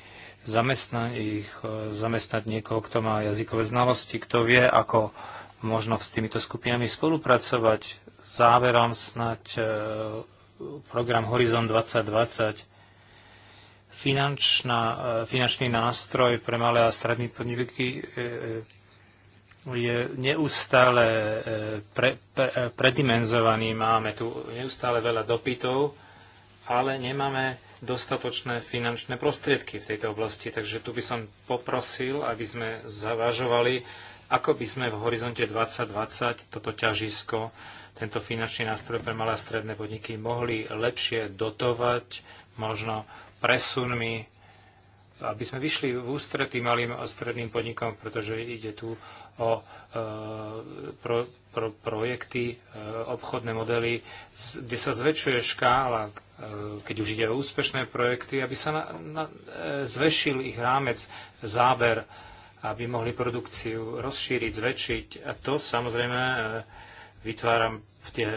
zamestnať ich, e, zamestnať niekoho, kto má jazykové znalosti, kto vie, ako možno s týmito skupinami spolupracovať. Záverom snať e, program Horizon 2020 Finančná, e, finančný nástroj pre malé a stredné podniky e, e, je neustále pre, pre, predimenzovaný. Máme tu neustále veľa dopytov, ale nemáme dostatočné finančné prostriedky v tejto oblasti. Takže tu by som poprosil, aby sme zavažovali, ako by sme v horizonte 2020 toto ťažisko tento finančný nástroj pre malé a stredné podniky mohli lepšie dotovať, možno presunmi, aby sme vyšli v ústretí malým a stredným podnikom, pretože ide tu o e, pro, pro, projekty, e, obchodné modely, kde sa zväčšuje škála, e, keď už ide o úspešné projekty, aby sa na, na, zväšil ich rámec, záber, aby mohli produkciu rozšíriť, zväčšiť. A to samozrejme vytváram v tie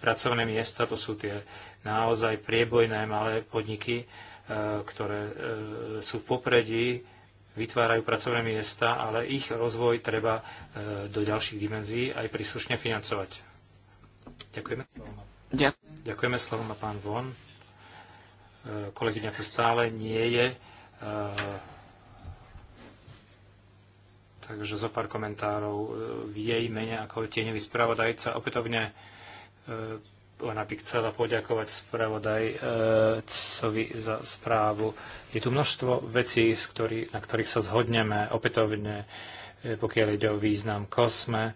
pracovné miesta, to sú tie naozaj priebojné malé podniky, e, ktoré e, sú v popredí, vytvárajú pracovné miesta, ale ich rozvoj treba e, do ďalších dimenzií aj príslušne financovať. Ďakujeme. Ďakujem. Ďakujeme slovo na pán Von. Kolegyňa tu stále nie je. Takže zo pár komentárov v jej mene ako tieňový spravodajca opätovne ona e, by chcela poďakovať spravodajcovi za správu. Je tu množstvo vecí, na ktorých sa zhodneme opätovne, e, pokiaľ ide o význam kosme.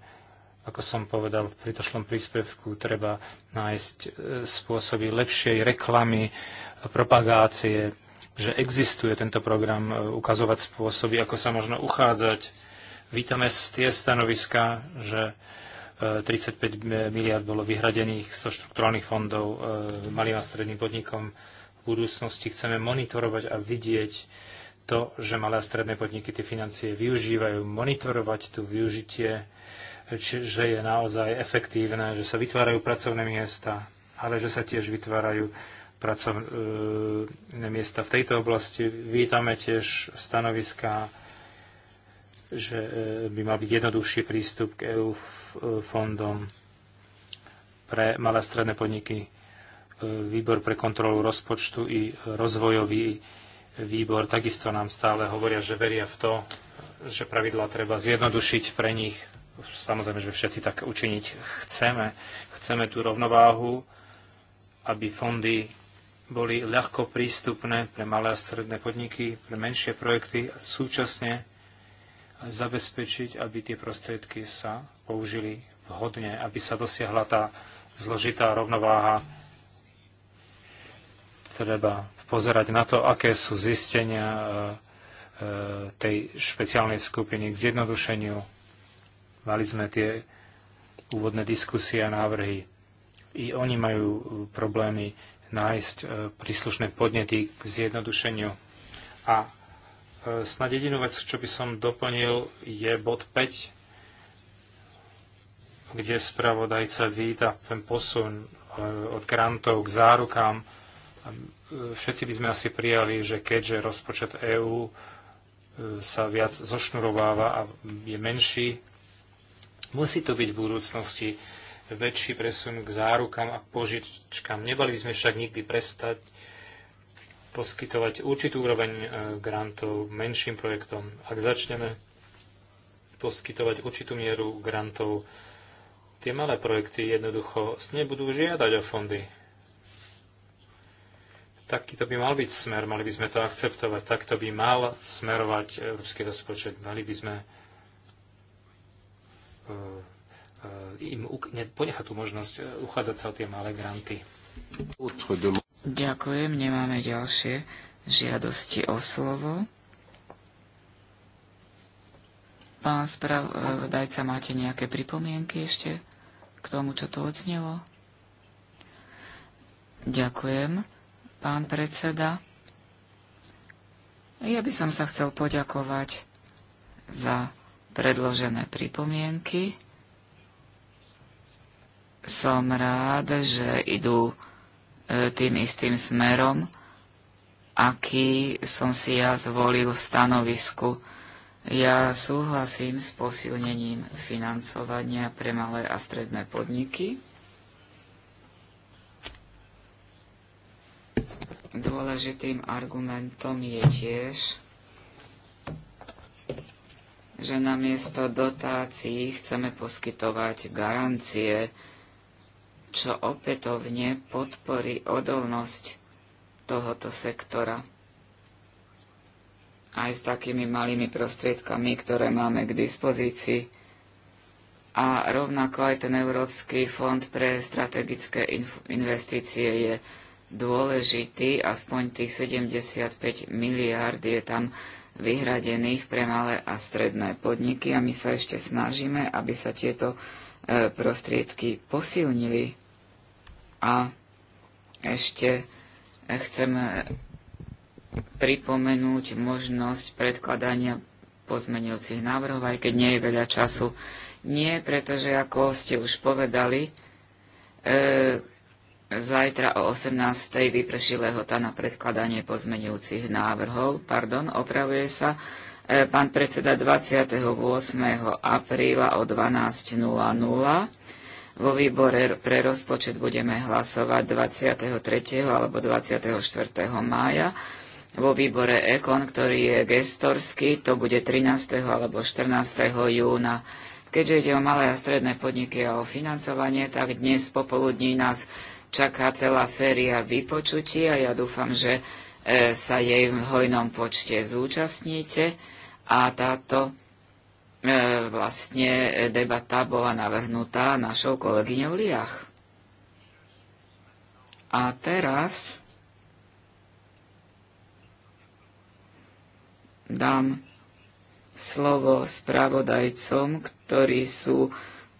Ako som povedal v pritošlom príspevku, treba nájsť e, spôsoby lepšej reklamy, propagácie, že existuje tento program, ukazovať spôsoby, ako sa možno uchádzať. Vítame tie stanoviska, že 35 miliard bolo vyhradených zo so štrukturálnych fondov e, malým a stredným podnikom. V budúcnosti chceme monitorovať a vidieť to, že malé a stredné podniky tie financie využívajú, monitorovať tu využitie, či, že je naozaj efektívne, že sa vytvárajú pracovné miesta, ale že sa tiež vytvárajú pracovné e, miesta v tejto oblasti. Vítame tiež stanoviska, že e, by mal byť jednoduchší prístup k EU fondom pre malé a stredné podniky, e, výbor pre kontrolu rozpočtu i rozvojový výbor takisto nám stále hovoria, že veria v to, že pravidlá treba zjednodušiť pre nich. Samozrejme, že všetci tak učiniť chceme. Chceme tú rovnováhu, aby fondy boli ľahko prístupné pre malé a stredné podniky, pre menšie projekty a súčasne zabezpečiť, aby tie prostriedky sa použili vhodne, aby sa dosiahla tá zložitá rovnováha. Treba pozerať na to, aké sú zistenia e, e, tej špeciálnej skupiny k zjednodušeniu. Mali sme tie úvodné diskusie a návrhy. I oni majú problémy nájsť e, príslušné podnety k zjednodušeniu. A snad jedinú vec, čo by som doplnil, je bod 5 kde spravodajca víta ten posun eh, od grantov k zárukám. Eh, všetci by sme asi prijali, že keďže rozpočet EÚ eh, sa viac zošnurováva a je menší, musí to byť v budúcnosti väčší presun k zárukám a požičkám. Nebali by sme však nikdy prestať poskytovať určitú úroveň grantov menším projektom. Ak začneme poskytovať určitú mieru grantov Tie malé projekty jednoducho nebudú žiadať o fondy. Taký to by mal byť smer, mali by sme to akceptovať, takto by mal smerovať európsky rozpočet, mali by sme eh, im ponechať tú možnosť eh, uchádzať sa o tie malé granty. Ďakujem, nemáme ďalšie žiadosti o slovo. Pán spravodajca, eh, máte nejaké pripomienky ešte? k tomu, čo tu odznelo? Ďakujem, pán predseda. Ja by som sa chcel poďakovať za predložené pripomienky. Som rád, že idú e, tým istým smerom, aký som si ja zvolil v stanovisku ja súhlasím s posilnením financovania pre malé a stredné podniky. Dôležitým argumentom je tiež, že namiesto dotácií chceme poskytovať garancie, čo opätovne podporí odolnosť tohoto sektora aj s takými malými prostriedkami, ktoré máme k dispozícii. A rovnako aj ten Európsky fond pre strategické investície je dôležitý, aspoň tých 75 miliárd je tam vyhradených pre malé a stredné podniky a my sa ešte snažíme, aby sa tieto e, prostriedky posilnili. A ešte chcem pripomenúť možnosť predkladania pozmeňujúcich návrhov, aj keď nie je veľa času. Nie, pretože, ako ste už povedali, e, zajtra o 18.00 vyprší lehota na predkladanie pozmeňujúcich návrhov. Pardon, opravuje sa e, pán predseda 28. apríla o 12.00 vo výbore pre rozpočet budeme hlasovať 23. alebo 24. mája vo výbore EKON, ktorý je gestorský, to bude 13. alebo 14. júna. Keďže ide o malé a stredné podniky a o financovanie, tak dnes popoludní nás čaká celá séria vypočutí a ja dúfam, že e, sa jej v hojnom počte zúčastníte a táto e, vlastne debata bola navrhnutá našou kolegyňou Liach. A teraz dám slovo spravodajcom, ktorí sú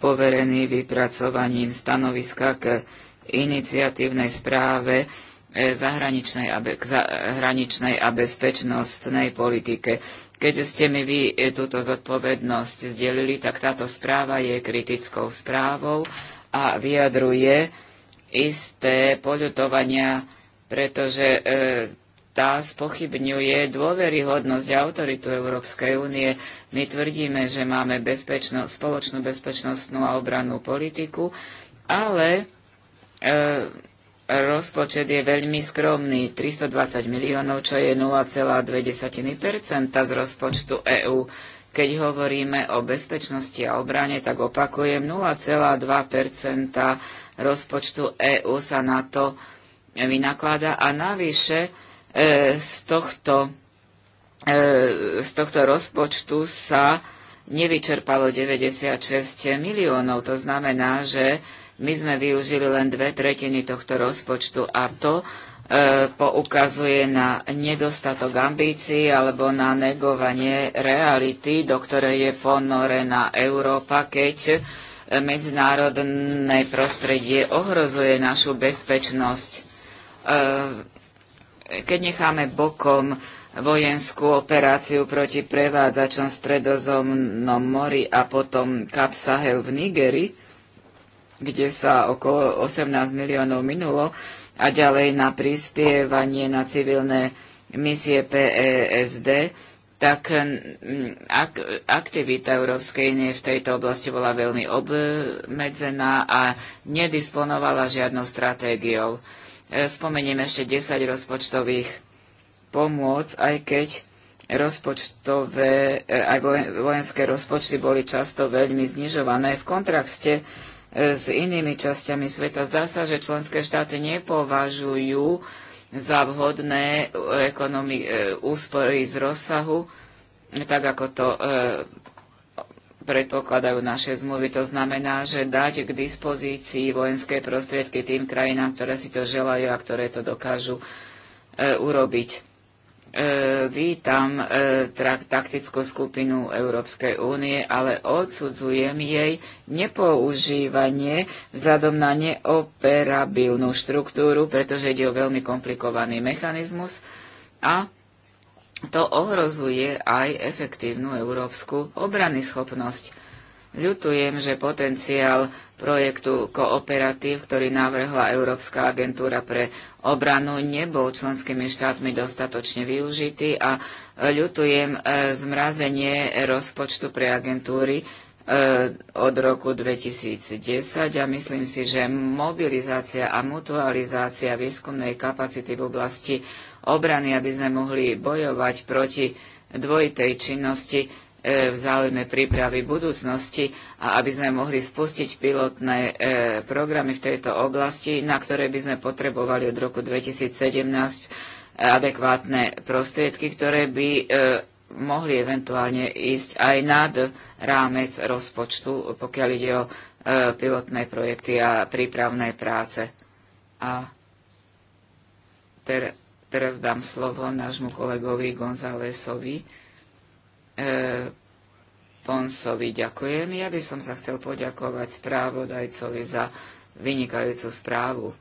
poverení vypracovaním stanoviska k iniciatívnej správe eh, zahraničnej a, be- zahraničnej a bezpečnostnej politike. Keďže ste mi vy eh, túto zodpovednosť zdelili, tak táto správa je kritickou správou a vyjadruje isté poľutovania, pretože e, tá spochybňuje dôveryhodnosť a autoritu Európskej únie. My tvrdíme, že máme bezpečno, spoločnú bezpečnostnú a obrannú politiku, ale e, rozpočet je veľmi skromný, 320 miliónov, čo je 0,2 z rozpočtu EÚ. Keď hovoríme o bezpečnosti a obrane, tak opakujem, 0,2 rozpočtu EÚ sa na to vynaklada a navyše E, z tohto, e, z tohto rozpočtu sa nevyčerpalo 96 miliónov. To znamená, že my sme využili len dve tretiny tohto rozpočtu a to e, poukazuje na nedostatok ambícií alebo na negovanie reality, do ktorej je ponorená Európa, keď medzinárodné prostredie ohrozuje našu bezpečnosť. E, keď necháme bokom vojenskú operáciu proti prevádzačom v Stredozomnom mori a potom Kap Sahel v Nigeri, kde sa okolo 18 miliónov minulo, a ďalej na prispievanie na civilné misie PESD, tak ak, aktivita Európskej unie v tejto oblasti bola veľmi obmedzená a nedisponovala žiadnou stratégiou. E, spomeniem ešte 10 rozpočtových pomôc, aj keď rozpočtové, e, aj vojenské rozpočty boli často veľmi znižované. V kontraste e, s inými časťami sveta zdá sa, že členské štáty nepovažujú za vhodné ekonomi- úspory z rozsahu, tak ako to predpokladajú naše zmluvy. To znamená, že dať k dispozícii vojenské prostriedky tým krajinám, ktoré si to želajú a ktoré to dokážu e, urobiť e, vítam e, taktickú skupinu Európskej únie, ale odsudzujem jej nepoužívanie vzhľadom na neoperabilnú štruktúru, pretože ide o veľmi komplikovaný mechanizmus a to ohrozuje aj efektívnu európsku obrany schopnosť. Ľutujem, že potenciál projektu Kooperatív, ktorý navrhla Európska agentúra pre obranu, nebol členskými štátmi dostatočne využitý a ľutujem e, zmrazenie rozpočtu pre agentúry Eh, od roku 2010 a myslím si, že mobilizácia a mutualizácia výskumnej kapacity v oblasti obrany, aby sme mohli bojovať proti dvojitej činnosti eh, v záujme prípravy budúcnosti a aby sme mohli spustiť pilotné eh, programy v tejto oblasti, na ktoré by sme potrebovali od roku 2017 adekvátne prostriedky, ktoré by mohli eventuálne ísť aj nad rámec rozpočtu, pokiaľ ide o e, pilotné projekty a prípravné práce. A ter, teraz dám slovo nášmu kolegovi Gonzálesovi. E, Ponsovi ďakujem. Ja by som sa chcel poďakovať správodajcovi za vynikajúcu správu.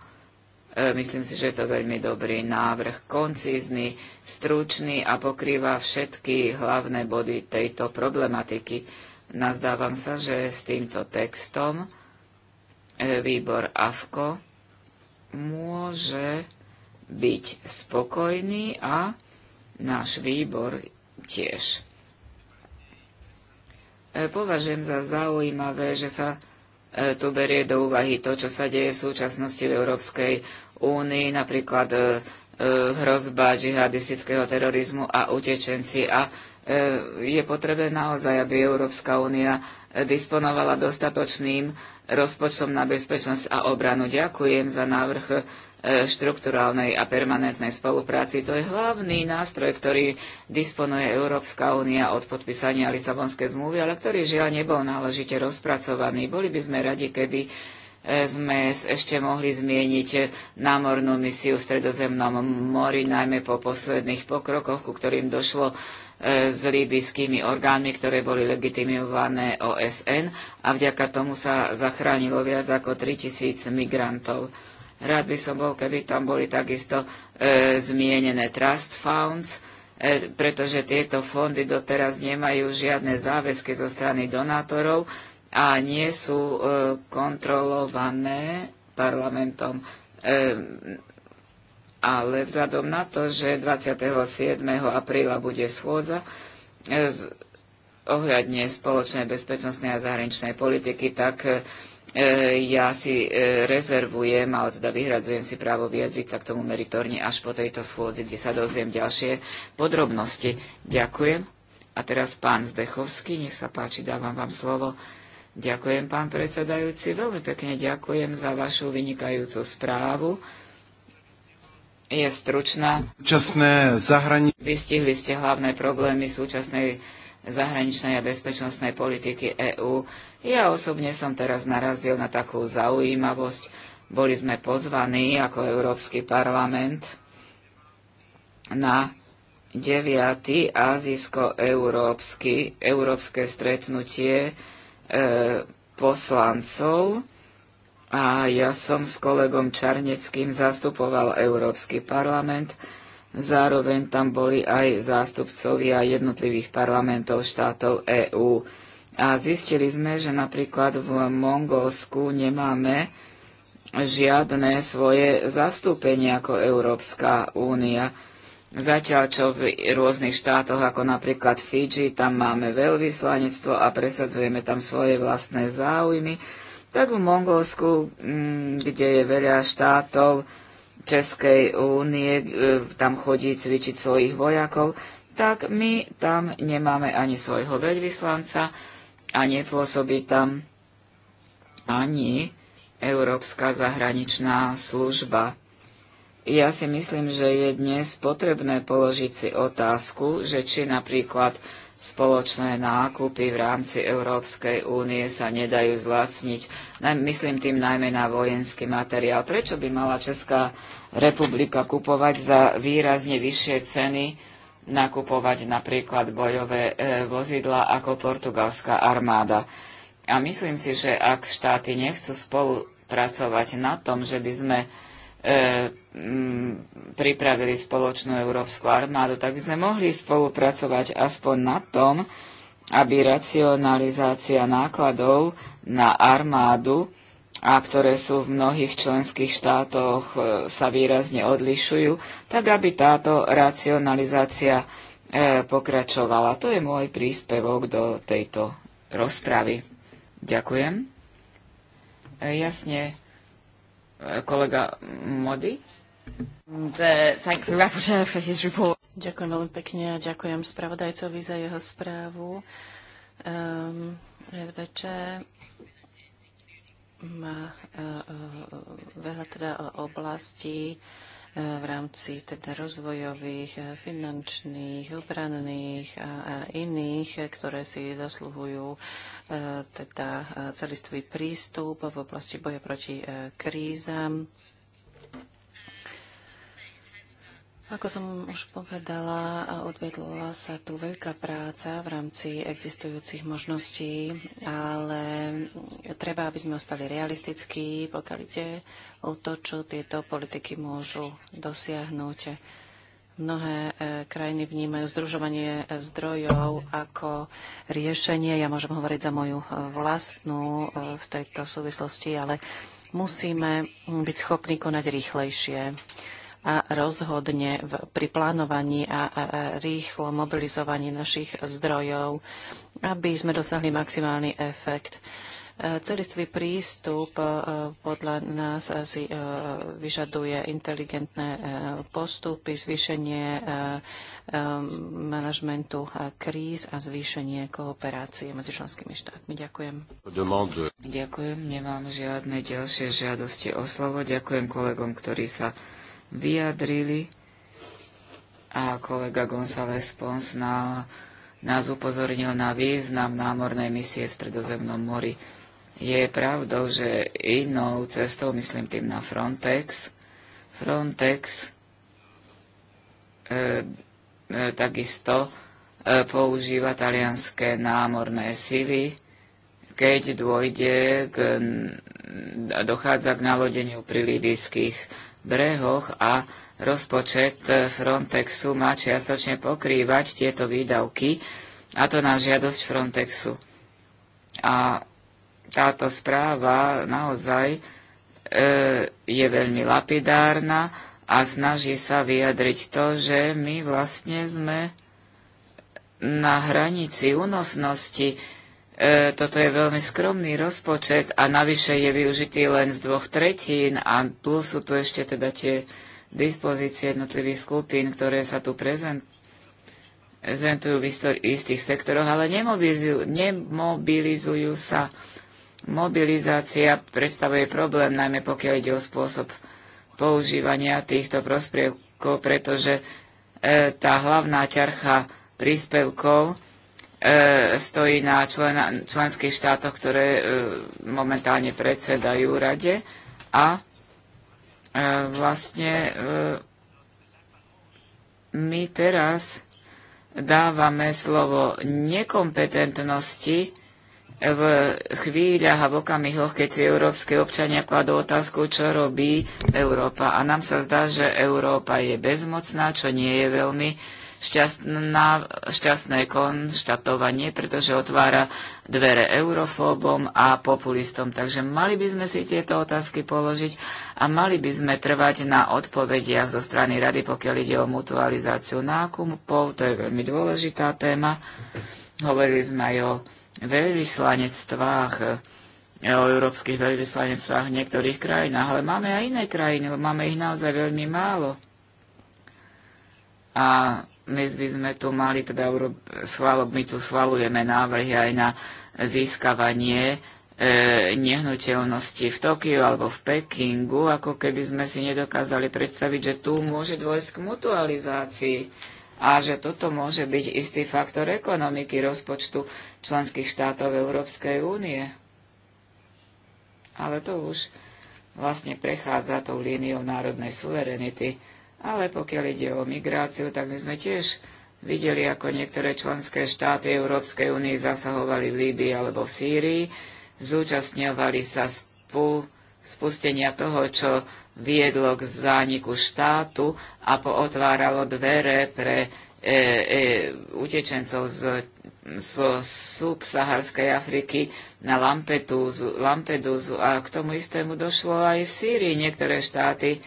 E, myslím si, že je to veľmi dobrý návrh, koncízny, stručný a pokrýva všetky hlavné body tejto problematiky. Nazdávam sa, že s týmto textom e, výbor AFKO môže byť spokojný a náš výbor tiež. E, považujem za zaujímavé, že sa E, tu berie do úvahy to, čo sa deje v súčasnosti v Európskej únii, napríklad e, e, hrozba džihadistického terorizmu a utečenci. A je potrebné naozaj, aby Európska únia disponovala dostatočným rozpočtom na bezpečnosť a obranu. Ďakujem za návrh E, štrukturálnej a permanentnej spolupráci. To je hlavný nástroj, ktorý disponuje Európska únia od podpísania Lisabonskej zmluvy, ale ktorý žiaľ nebol náležite rozpracovaný. Boli by sme radi, keby e, sme ešte mohli zmieniť námornú misiu v Stredozemnom mori, najmä po posledných pokrokoch, ku ktorým došlo e, s líbyskými orgánmi, ktoré boli legitimované OSN a vďaka tomu sa zachránilo viac ako 3000 migrantov. Rád by som bol, keby tam boli takisto e, zmienené trust funds, e, pretože tieto fondy doteraz nemajú žiadne záväzky zo strany donátorov a nie sú e, kontrolované parlamentom. E, ale vzhľadom na to, že 27. apríla bude schôdza e, ohľadne spoločnej bezpečnostnej a zahraničnej politiky, tak e, E, ja si e, rezervujem, ale teda vyhradzujem si právo vyjadriť sa k tomu meritorne až po tejto schôdzi, kde sa dozviem ďalšie podrobnosti. Ďakujem. A teraz pán Zdechovský, nech sa páči, dávam vám slovo. Ďakujem, pán predsedajúci, veľmi pekne ďakujem za vašu vynikajúcu správu. Je stručná. zahrani... Vystihli ste hlavné problémy súčasnej zahraničnej a bezpečnostnej politiky EÚ. Ja osobne som teraz narazil na takú zaujímavosť. Boli sme pozvaní ako Európsky parlament na 9. azijsko-európsky európske stretnutie e, poslancov a ja som s kolegom Čarneckým zastupoval Európsky parlament Zároveň tam boli aj zástupcovia jednotlivých parlamentov štátov EÚ. A zistili sme, že napríklad v Mongolsku nemáme žiadne svoje zastúpenie ako Európska únia. Zatiaľ čo v rôznych štátoch, ako napríklad Fidži, tam máme veľvyslanectvo a presadzujeme tam svoje vlastné záujmy, tak v Mongolsku, mm, kde je veľa štátov, Českej únie, e, tam chodí cvičiť svojich vojakov, tak my tam nemáme ani svojho veľvyslanca a nepôsobí tam ani Európska zahraničná služba. Ja si myslím, že je dnes potrebné položiť si otázku, že či napríklad spoločné nákupy v rámci Európskej únie sa nedajú zlacniť. Myslím tým najmä na vojenský materiál. Prečo by mala Česká republika kupovať za výrazne vyššie ceny, nakupovať napríklad bojové e, vozidla ako portugalská armáda? A myslím si, že ak štáty nechcú spolupracovať na tom, že by sme E, pripravili spoločnú európsku armádu, tak by sme mohli spolupracovať aspoň na tom, aby racionalizácia nákladov na armádu, a ktoré sú v mnohých členských štátoch e, sa výrazne odlišujú, tak aby táto racionalizácia e, pokračovala. To je môj príspevok do tejto rozpravy. Ďakujem. Jasne kolega Mody. Ďakujem veľmi pekne a ďakujem spravodajcovi za jeho správu. Um, ehm, SBČ má eh, eh, veľa teda oblastí, v rámci teda rozvojových, finančných, obranných a iných, ktoré si zasluhujú e, teda celistvý prístup v oblasti boja proti e, krízam Ako som už povedala, odvedla sa tu veľká práca v rámci existujúcich možností, ale treba, aby sme ostali realistickí, pokiaľ ide o to, čo tieto politiky môžu dosiahnuť. Mnohé e, krajiny vnímajú združovanie zdrojov ako riešenie. Ja môžem hovoriť za moju e, vlastnú e, v tejto súvislosti, ale musíme byť schopní konať rýchlejšie a rozhodne v, pri plánovaní a, a, a rýchlo mobilizovaní našich zdrojov, aby sme dosahli maximálny efekt. E, celistvý prístup e, podľa nás asi e, vyžaduje inteligentné postupy, zvýšenie manažmentu kríz a zvýšenie kooperácie medzi členskými štátmi. Ďakujem. Ďakujem. Nemám žiadne ďalšie žiadosti o slovo. Ďakujem kolegom, ktorí sa vyjadrili a kolega González Pons na, nás upozornil na význam námornej misie v Stredozemnom mori. Je pravdou, že inou cestou, myslím tým na Frontex, Frontex e, e, takisto e, používa talianské námorné sily, keď dôjde k, dochádza k nalodeniu pri líbyských brehoch a rozpočet Frontexu má čiastočne pokrývať tieto výdavky, a to na žiadosť Frontexu. A táto správa naozaj e, je veľmi lapidárna a snaží sa vyjadriť to, že my vlastne sme na hranici únosnosti, E, toto je veľmi skromný rozpočet a navyše je využitý len z dvoch tretín a plus sú tu ešte teda tie dispozície jednotlivých skupín, ktoré sa tu prezentujú v istých sektoroch, ale nemobilizujú, nemobilizujú sa. Mobilizácia predstavuje problém, najmä pokiaľ ide o spôsob používania týchto prostriedkov, pretože e, tá hlavná ťarcha príspevkov E, stojí na členských štátoch, ktoré e, momentálne predsedajú rade a e, vlastne my teraz dávame slovo nekompetentnosti v chvíľach a v okamihoch, keď si európske občania kladú otázku, čo robí Európa. A nám sa zdá, že Európa je bezmocná, čo nie je veľmi šťastná, šťastné konštatovanie, pretože otvára dvere eurofóbom a populistom. Takže mali by sme si tieto otázky položiť a mali by sme trvať na odpovediach zo strany rady, pokiaľ ide o mutualizáciu nákupov. To je veľmi dôležitá téma. Hovorili sme aj o veľvyslanectvách o európskych veľvyslanectvách v niektorých krajinách, ale máme aj iné krajiny, lebo máme ich naozaj veľmi málo. A my by sme tu mali, teda schválo, my tu schvalujeme návrhy aj na získavanie e, nehnuteľnosti v Tokiu alebo v Pekingu, ako keby sme si nedokázali predstaviť, že tu môže dôjsť k mutualizácii a že toto môže byť istý faktor ekonomiky rozpočtu členských štátov Európskej únie. Ale to už vlastne prechádza tou líniou národnej suverenity ale pokiaľ ide o migráciu, tak my sme tiež videli, ako niektoré členské štáty Európskej únie zasahovali v Líbii alebo v Sýrii, zúčastňovali sa spú, spustenia toho, čo viedlo k zániku štátu a pootváralo dvere pre e, e, utečencov z, z subsaharskej Afriky na Lampedúzu, Lampedúzu. A k tomu istému došlo aj v Sýrii. Niektoré štáty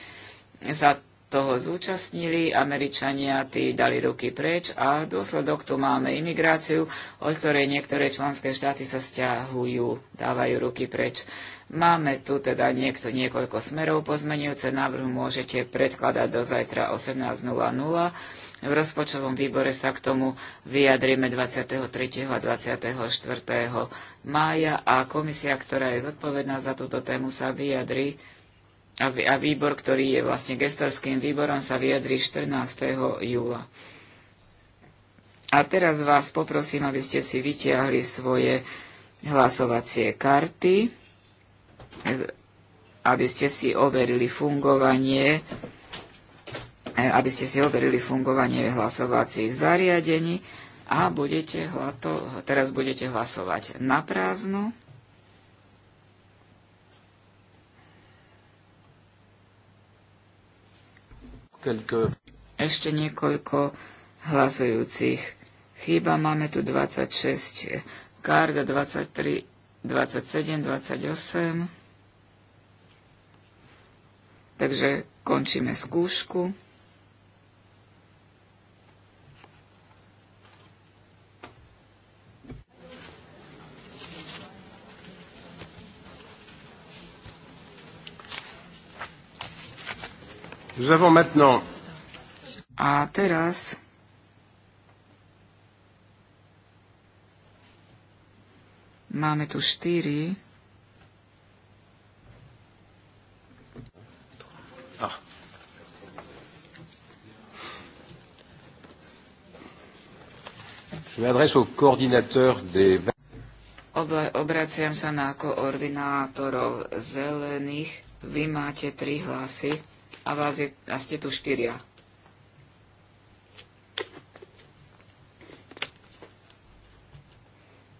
sa toho zúčastnili, Američania tí dali ruky preč a dôsledok tu máme imigráciu, od ktorej niektoré členské štáty sa stiahujú, dávajú ruky preč. Máme tu teda niekto, niekoľko smerov pozmenujúce návrhu, môžete predkladať do zajtra 18.00. V rozpočovom výbore sa k tomu vyjadrime 23. a 24. mája a komisia, ktorá je zodpovedná za túto tému, sa vyjadri a výbor, ktorý je vlastne gestorským výborom, sa vyjadri 14. júla. A teraz vás poprosím, aby ste si vytiahli svoje hlasovacie karty, aby ste si overili fungovanie eh, aby ste si overili fungovanie hlasovacích zariadení a budete hlato, teraz budete hlasovať na prázdno. Ešte niekoľko hlasujúcich. Chýba, máme tu 26 kard, 23, 27, 28. Takže končíme skúšku. Nous avons maintenant... A teraz máme tu štyri ah. Obraciam sa na koordinátorov zelených. Vy máte tri hlasy a, vás je, a ste tu štyria.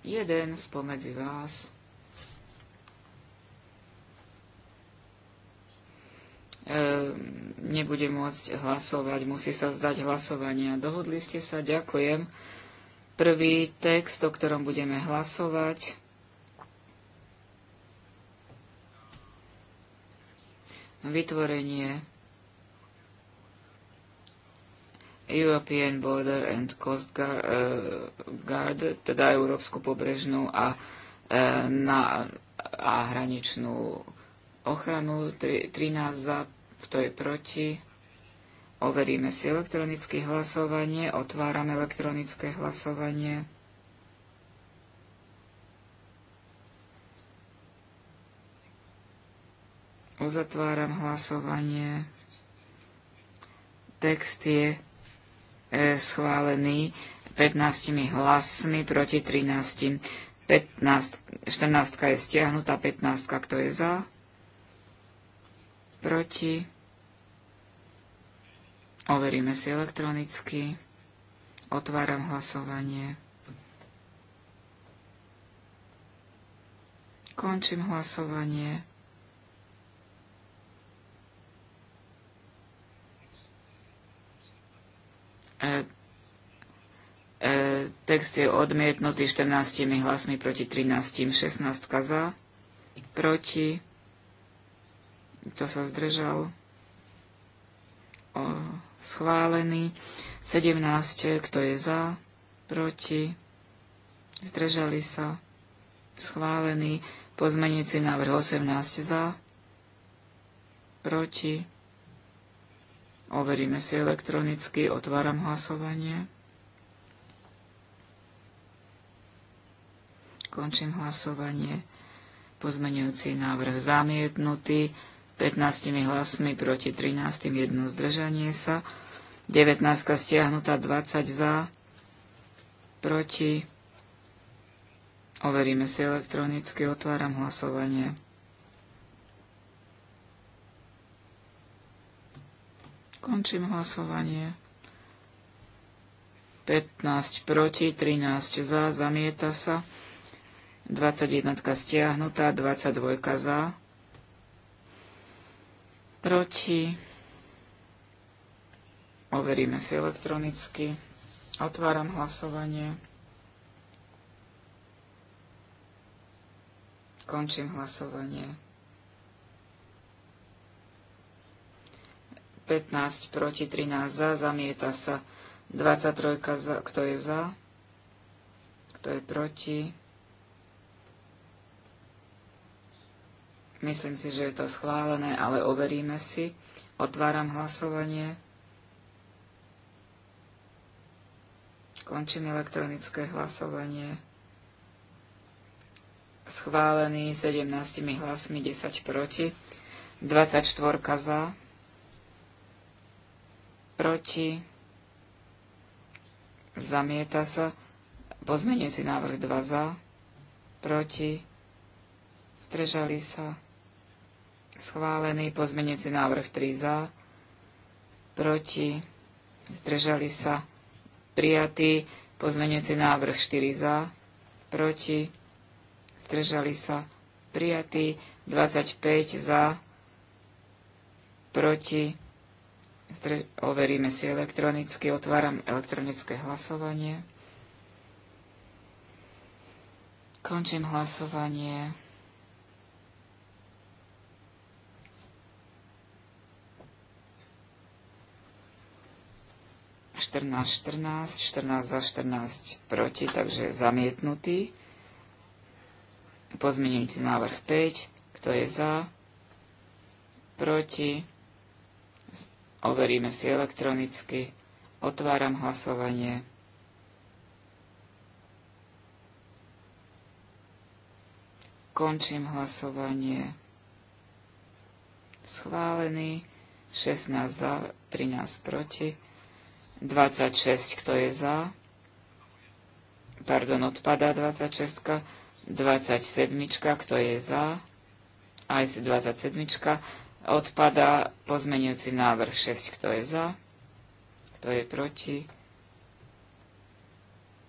Jeden spomedzi vás ehm, nebude môcť hlasovať, musí sa zdať hlasovania. Dohodli ste sa, ďakujem. Prvý text, o ktorom budeme hlasovať, vytvorenie European Border and Coast Guard, eh, teda Európsku pobrežnú a, eh, na, a hraničnú ochranu, 13 za, kto je proti. Overíme si elektronické hlasovanie, otváram elektronické hlasovanie. Uzatváram hlasovanie. Text je E, schválený 15 hlasmi proti 13. 15, 14 je stiahnutá, 15 kto je za, proti. Overíme si elektronicky. Otváram hlasovanie. Končím hlasovanie. Text je odmietnutý 14 hlasmi proti 13, 16 za, proti, kto sa zdržal, o, schválený, 17, kto je za, proti, zdržali sa, schválený, pozmenici návrh 18 za, proti, overíme si elektronicky, otváram hlasovanie. Končím hlasovanie. Pozmenujúci návrh zamietnutý. 15 hlasmi proti 13. Jedno zdržanie sa. 19 stiahnutá, 20 za, proti. Overíme si elektronicky, otváram hlasovanie. Končím hlasovanie. 15 proti, 13 za, zamieta sa. 21 stiahnutá, 22 za, proti, overíme si elektronicky, otváram hlasovanie, končím hlasovanie, 15 proti 13 za, zamieta sa 23, za, kto je za, kto je proti, Myslím si, že je to schválené, ale overíme si. Otváram hlasovanie. Končím elektronické hlasovanie. Schválený 17 hlasmi, 10 proti, 24 za, proti, zamieta sa, si návrh 2 za, proti, strežali sa schválený pozmenujúci návrh 3 za, proti, zdržali sa, prijatý pozmenujúci návrh 4 za, proti, zdržali sa, prijatý 25 za, proti, zdrž- overíme si elektronicky, otváram elektronické hlasovanie. Končím hlasovanie. 14, 14, 14 za 14 proti, takže zamietnutý. Pozmeňujúci návrh 5, kto je za, proti, overíme si elektronicky, otváram hlasovanie. Končím hlasovanie. Schválený. 16 za, 13 proti. 26, kto je za, pardon, odpadá 26, 27, kto je za, aj 27, odpadá pozmenujúci návrh 6, kto je za, kto je proti.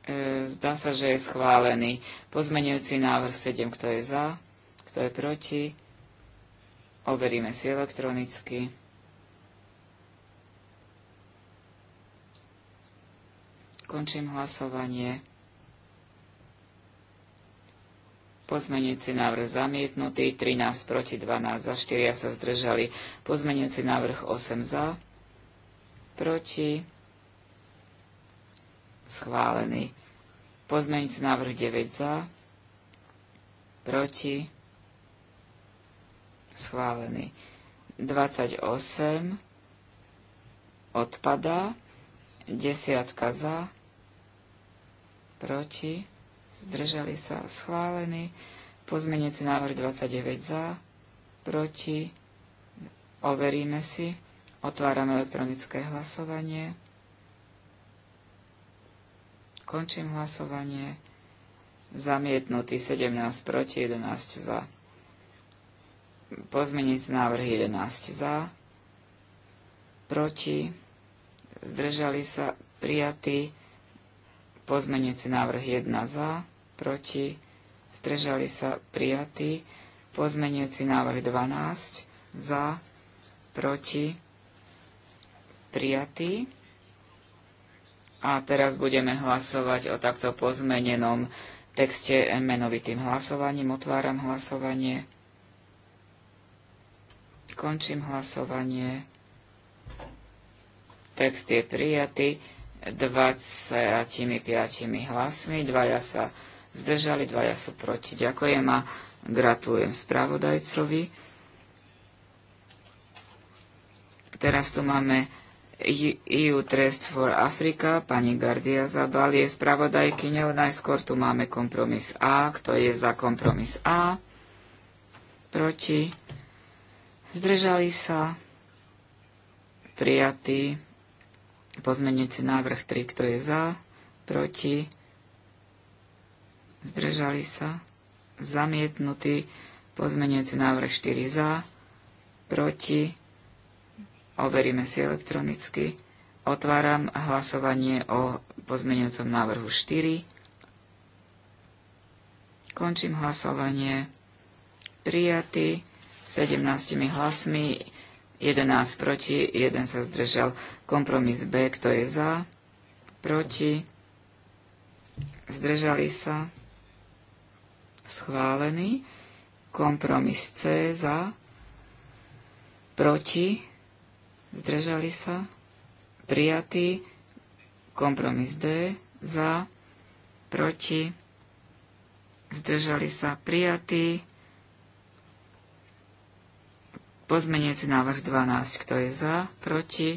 E, zdá sa, že je schválený pozmenujúci návrh 7, kto je za, kto je proti. Overíme si elektronicky. Končím hlasovanie. Pozmenujúci návrh zamietnutý, 13 proti 12 za, 4 sa zdržali. Pozmenujúci návrh 8 za, proti, schválený. Pozmenujúci návrh 9 za, proti, schválený. 28 odpadá, desiatka za, proti, zdržali sa schválení, pozmenujúci návrh 29 za, proti, overíme si, otváram elektronické hlasovanie, končím hlasovanie, zamietnutý 17 proti, 11 za, pozmenujúci návrh 11 za, proti, zdržali sa prijatí Pozmenujúci návrh 1 za, proti, zdržali sa prijatí. Pozmeňujúci návrh 12 za, proti, prijatý. A teraz budeme hlasovať o takto pozmenenom texte menovitým hlasovaním. Otváram hlasovanie. Končím hlasovanie. Text je prijatý. 25 hlasmi, dvaja sa zdržali, dvaja sú proti. Ďakujem a gratulujem spravodajcovi. Teraz tu máme EU Trust for Africa, pani Gardia Zabal je spravodajkyňou. Najskôr tu máme kompromis A. Kto je za kompromis A? Proti? Zdržali sa? Prijatí? pozmeňujúci návrh 3, kto je za, proti, zdržali sa, zamietnutý. pozmeňujúci návrh 4 za, proti, overíme si elektronicky. Otváram hlasovanie o pozmeňujúcom návrhu 4. Končím hlasovanie. Prijatý 17 hlasmi 11 proti, 1 sa zdržal. Kompromis B, kto je za, proti, zdržali sa, schválený. Kompromis C, za, proti, zdržali sa, prijatý. Kompromis D, za, proti, zdržali sa, prijatý. Pozmeniec návrh 12. Kto je za? Proti?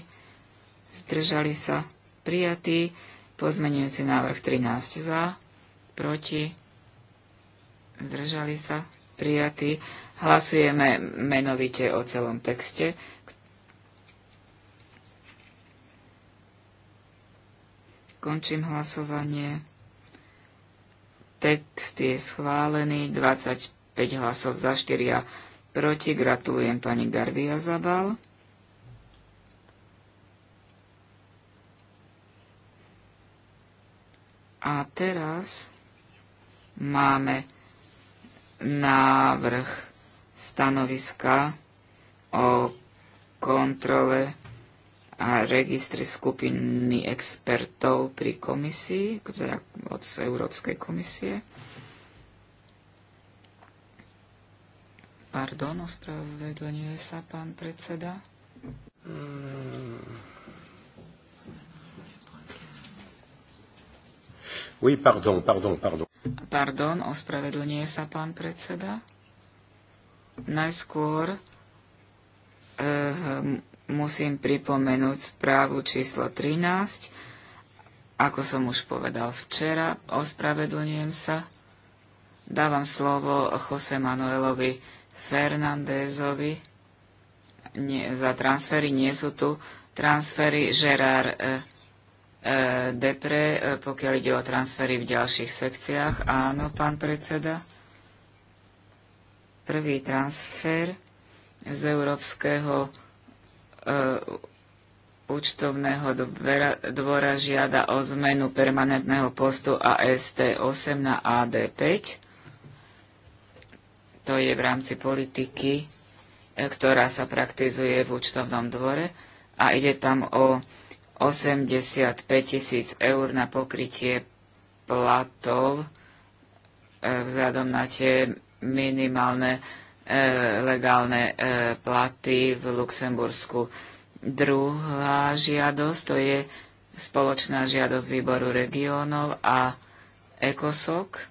Zdržali sa? Prijatý. Pozmenujúci návrh 13. Za? Proti? Zdržali sa? Prijatý. Hlasujeme menovite o celom texte. Končím hlasovanie. Text je schválený. 25 hlasov za 4 a proti, gratulujem pani Gardia Zabal. A teraz máme návrh stanoviska o kontrole a registri skupiny expertov pri komisii, teda od Európskej komisie. Pardon, ospravedlňuje sa pán predseda. Oui, pardon, pardon, pardon. Pardon, ospravedlňuje sa pán predseda. Najskôr eh, musím pripomenúť správu číslo 13. Ako som už povedal včera, ospravedlňujem sa. Dávam slovo Jose Manuelovi Fernandezovi. nie, za transfery. Nie sú tu transfery. Gerard e, e, Depre, e, pokiaľ ide o transfery v ďalších sekciách. Áno, pán predseda. Prvý transfer z Európskeho e, účtovného dvora, dvora žiada o zmenu permanentného postu AST8 na AD5 to je v rámci politiky, e, ktorá sa praktizuje v účtovnom dvore a ide tam o 85 tisíc eur na pokrytie platov e, vzhľadom na tie minimálne e, legálne platy v Luxembursku. Druhá žiadosť to je spoločná žiadosť výboru regiónov a ECOSOC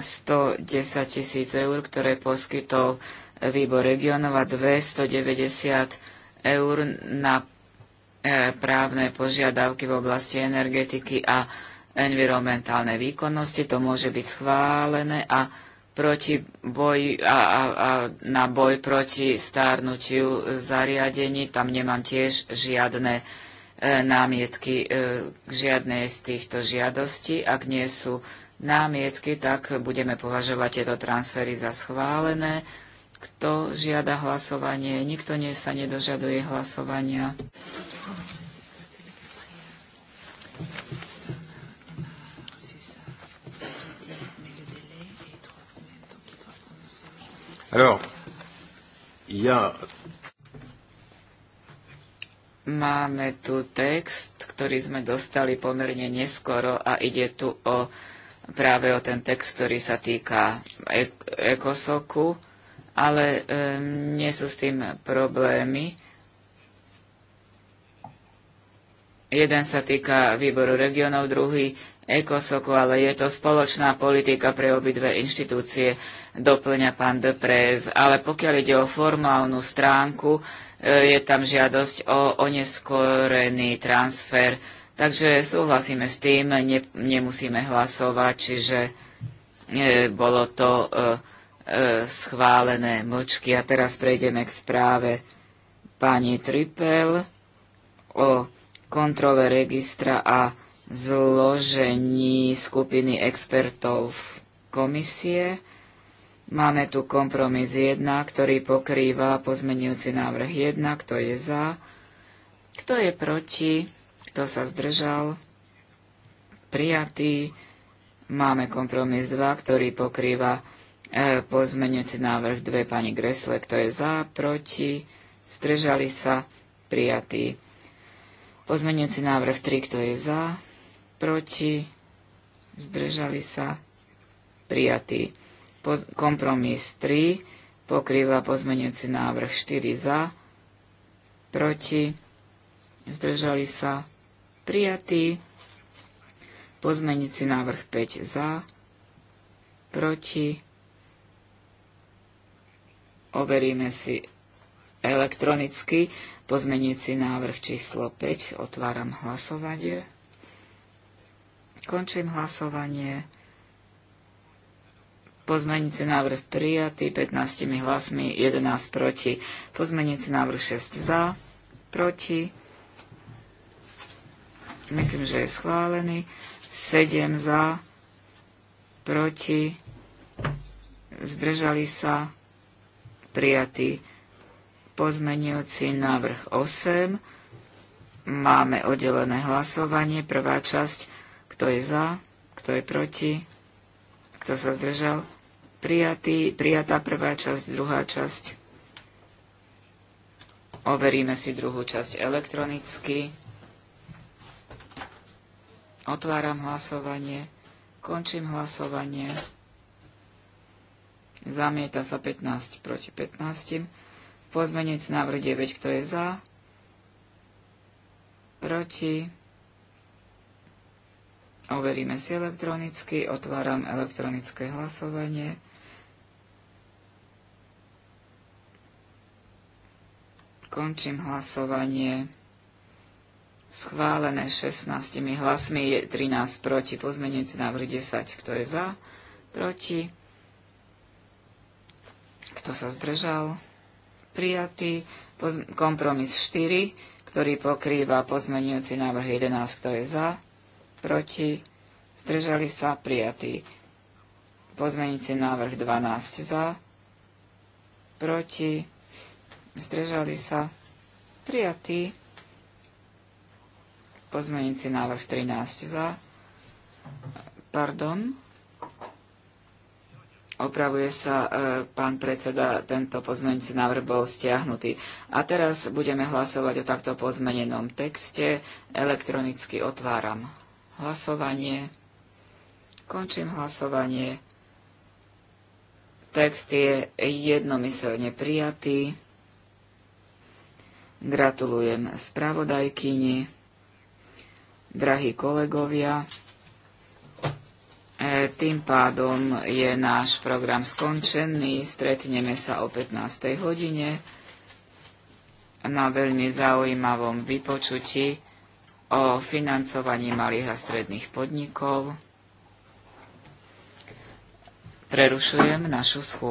110 tisíc eur, ktoré poskytol výbor regionov a 290 eur na e, právne požiadavky v oblasti energetiky a environmentálnej výkonnosti. To môže byť schválené a, proti boji a, a, a na boj proti stárnutiu zariadení. Tam nemám tiež žiadne E, námietky e, k žiadnej z týchto žiadostí. Ak nie sú námietky, tak budeme považovať tieto transfery za schválené. Kto žiada hlasovanie? Nikto nie sa nedožaduje hlasovania. Alors, il y a Máme tu text, ktorý sme dostali pomerne neskoro a ide tu o, práve o ten text, ktorý sa týka e-, ekosoku, ale um, nie sú s tým problémy. Jeden sa týka výboru regionov, druhý ekosoku, ale je to spoločná politika pre obidve inštitúcie, doplňa pán Deprez. Ale pokiaľ ide o formálnu stránku, je tam žiadosť o oneskorený transfer. Takže súhlasíme s tým, ne, nemusíme hlasovať, čiže e, bolo to e, e, schválené mlčky. A teraz prejdeme k správe pani Tripel o kontrole registra a zložení skupiny expertov komisie. Máme tu kompromis 1, ktorý pokrýva pozmenujúci návrh 1, kto je za, kto je proti, kto sa zdržal, prijatý. Máme kompromis 2, ktorý pokrýva e, pozmenujúci návrh 2 pani Gresle, kto je za, proti, zdržali sa, prijatý. Pozmenujúci návrh 3, kto je za, proti, zdržali sa, prijatý kompromis 3 pokrýva pozmenujúci návrh 4 za, proti, zdržali sa, prijatý, pozmenujúci návrh 5 za, proti, overíme si elektronicky, pozmenujúci návrh číslo 5, otváram hlasovanie, končím hlasovanie, Pozmenici návrh prijatý 15 hlasmi, 11 proti. Pozmenici návrh 6 za, proti. Myslím, že je schválený. 7 za, proti. Zdržali sa. Prijatý pozmenujúci návrh 8. Máme oddelené hlasovanie. Prvá časť, kto je za, kto je proti, kto sa zdržal Prijatý, prijatá prvá časť, druhá časť. Overíme si druhú časť elektronicky. Otváram hlasovanie. Končím hlasovanie. Zamieta sa 15 proti 15. na návrh 9, kto je za? Proti? Overíme si elektronicky. Otváram elektronické hlasovanie. Končím hlasovanie. Schválené 16 hlasmi je 13 proti. Pozmeniaci návrh 10. Kto je za? Proti. Kto sa zdržal? Prijatý. kompromis 4, ktorý pokrýva pozmenujúci návrh 11. Kto je za? Proti. Zdržali sa? Prijatý. Pozmenujúci návrh 12 za. Proti zdržali sa, prijatý. Pozmenujúci návrh 13 za, pardon, opravuje sa e, pán predseda, tento pozmenujúci návrh bol stiahnutý. A teraz budeme hlasovať o takto pozmenenom texte. Elektronicky otváram hlasovanie. Končím hlasovanie. Text je jednomyselne prijatý. Gratulujem spravodajkyni, drahí kolegovia. E, tým pádom je náš program skončený. Stretneme sa o 15. hodine na veľmi zaujímavom vypočutí o financovaní malých a stredných podnikov. Prerušujem našu schôdzu.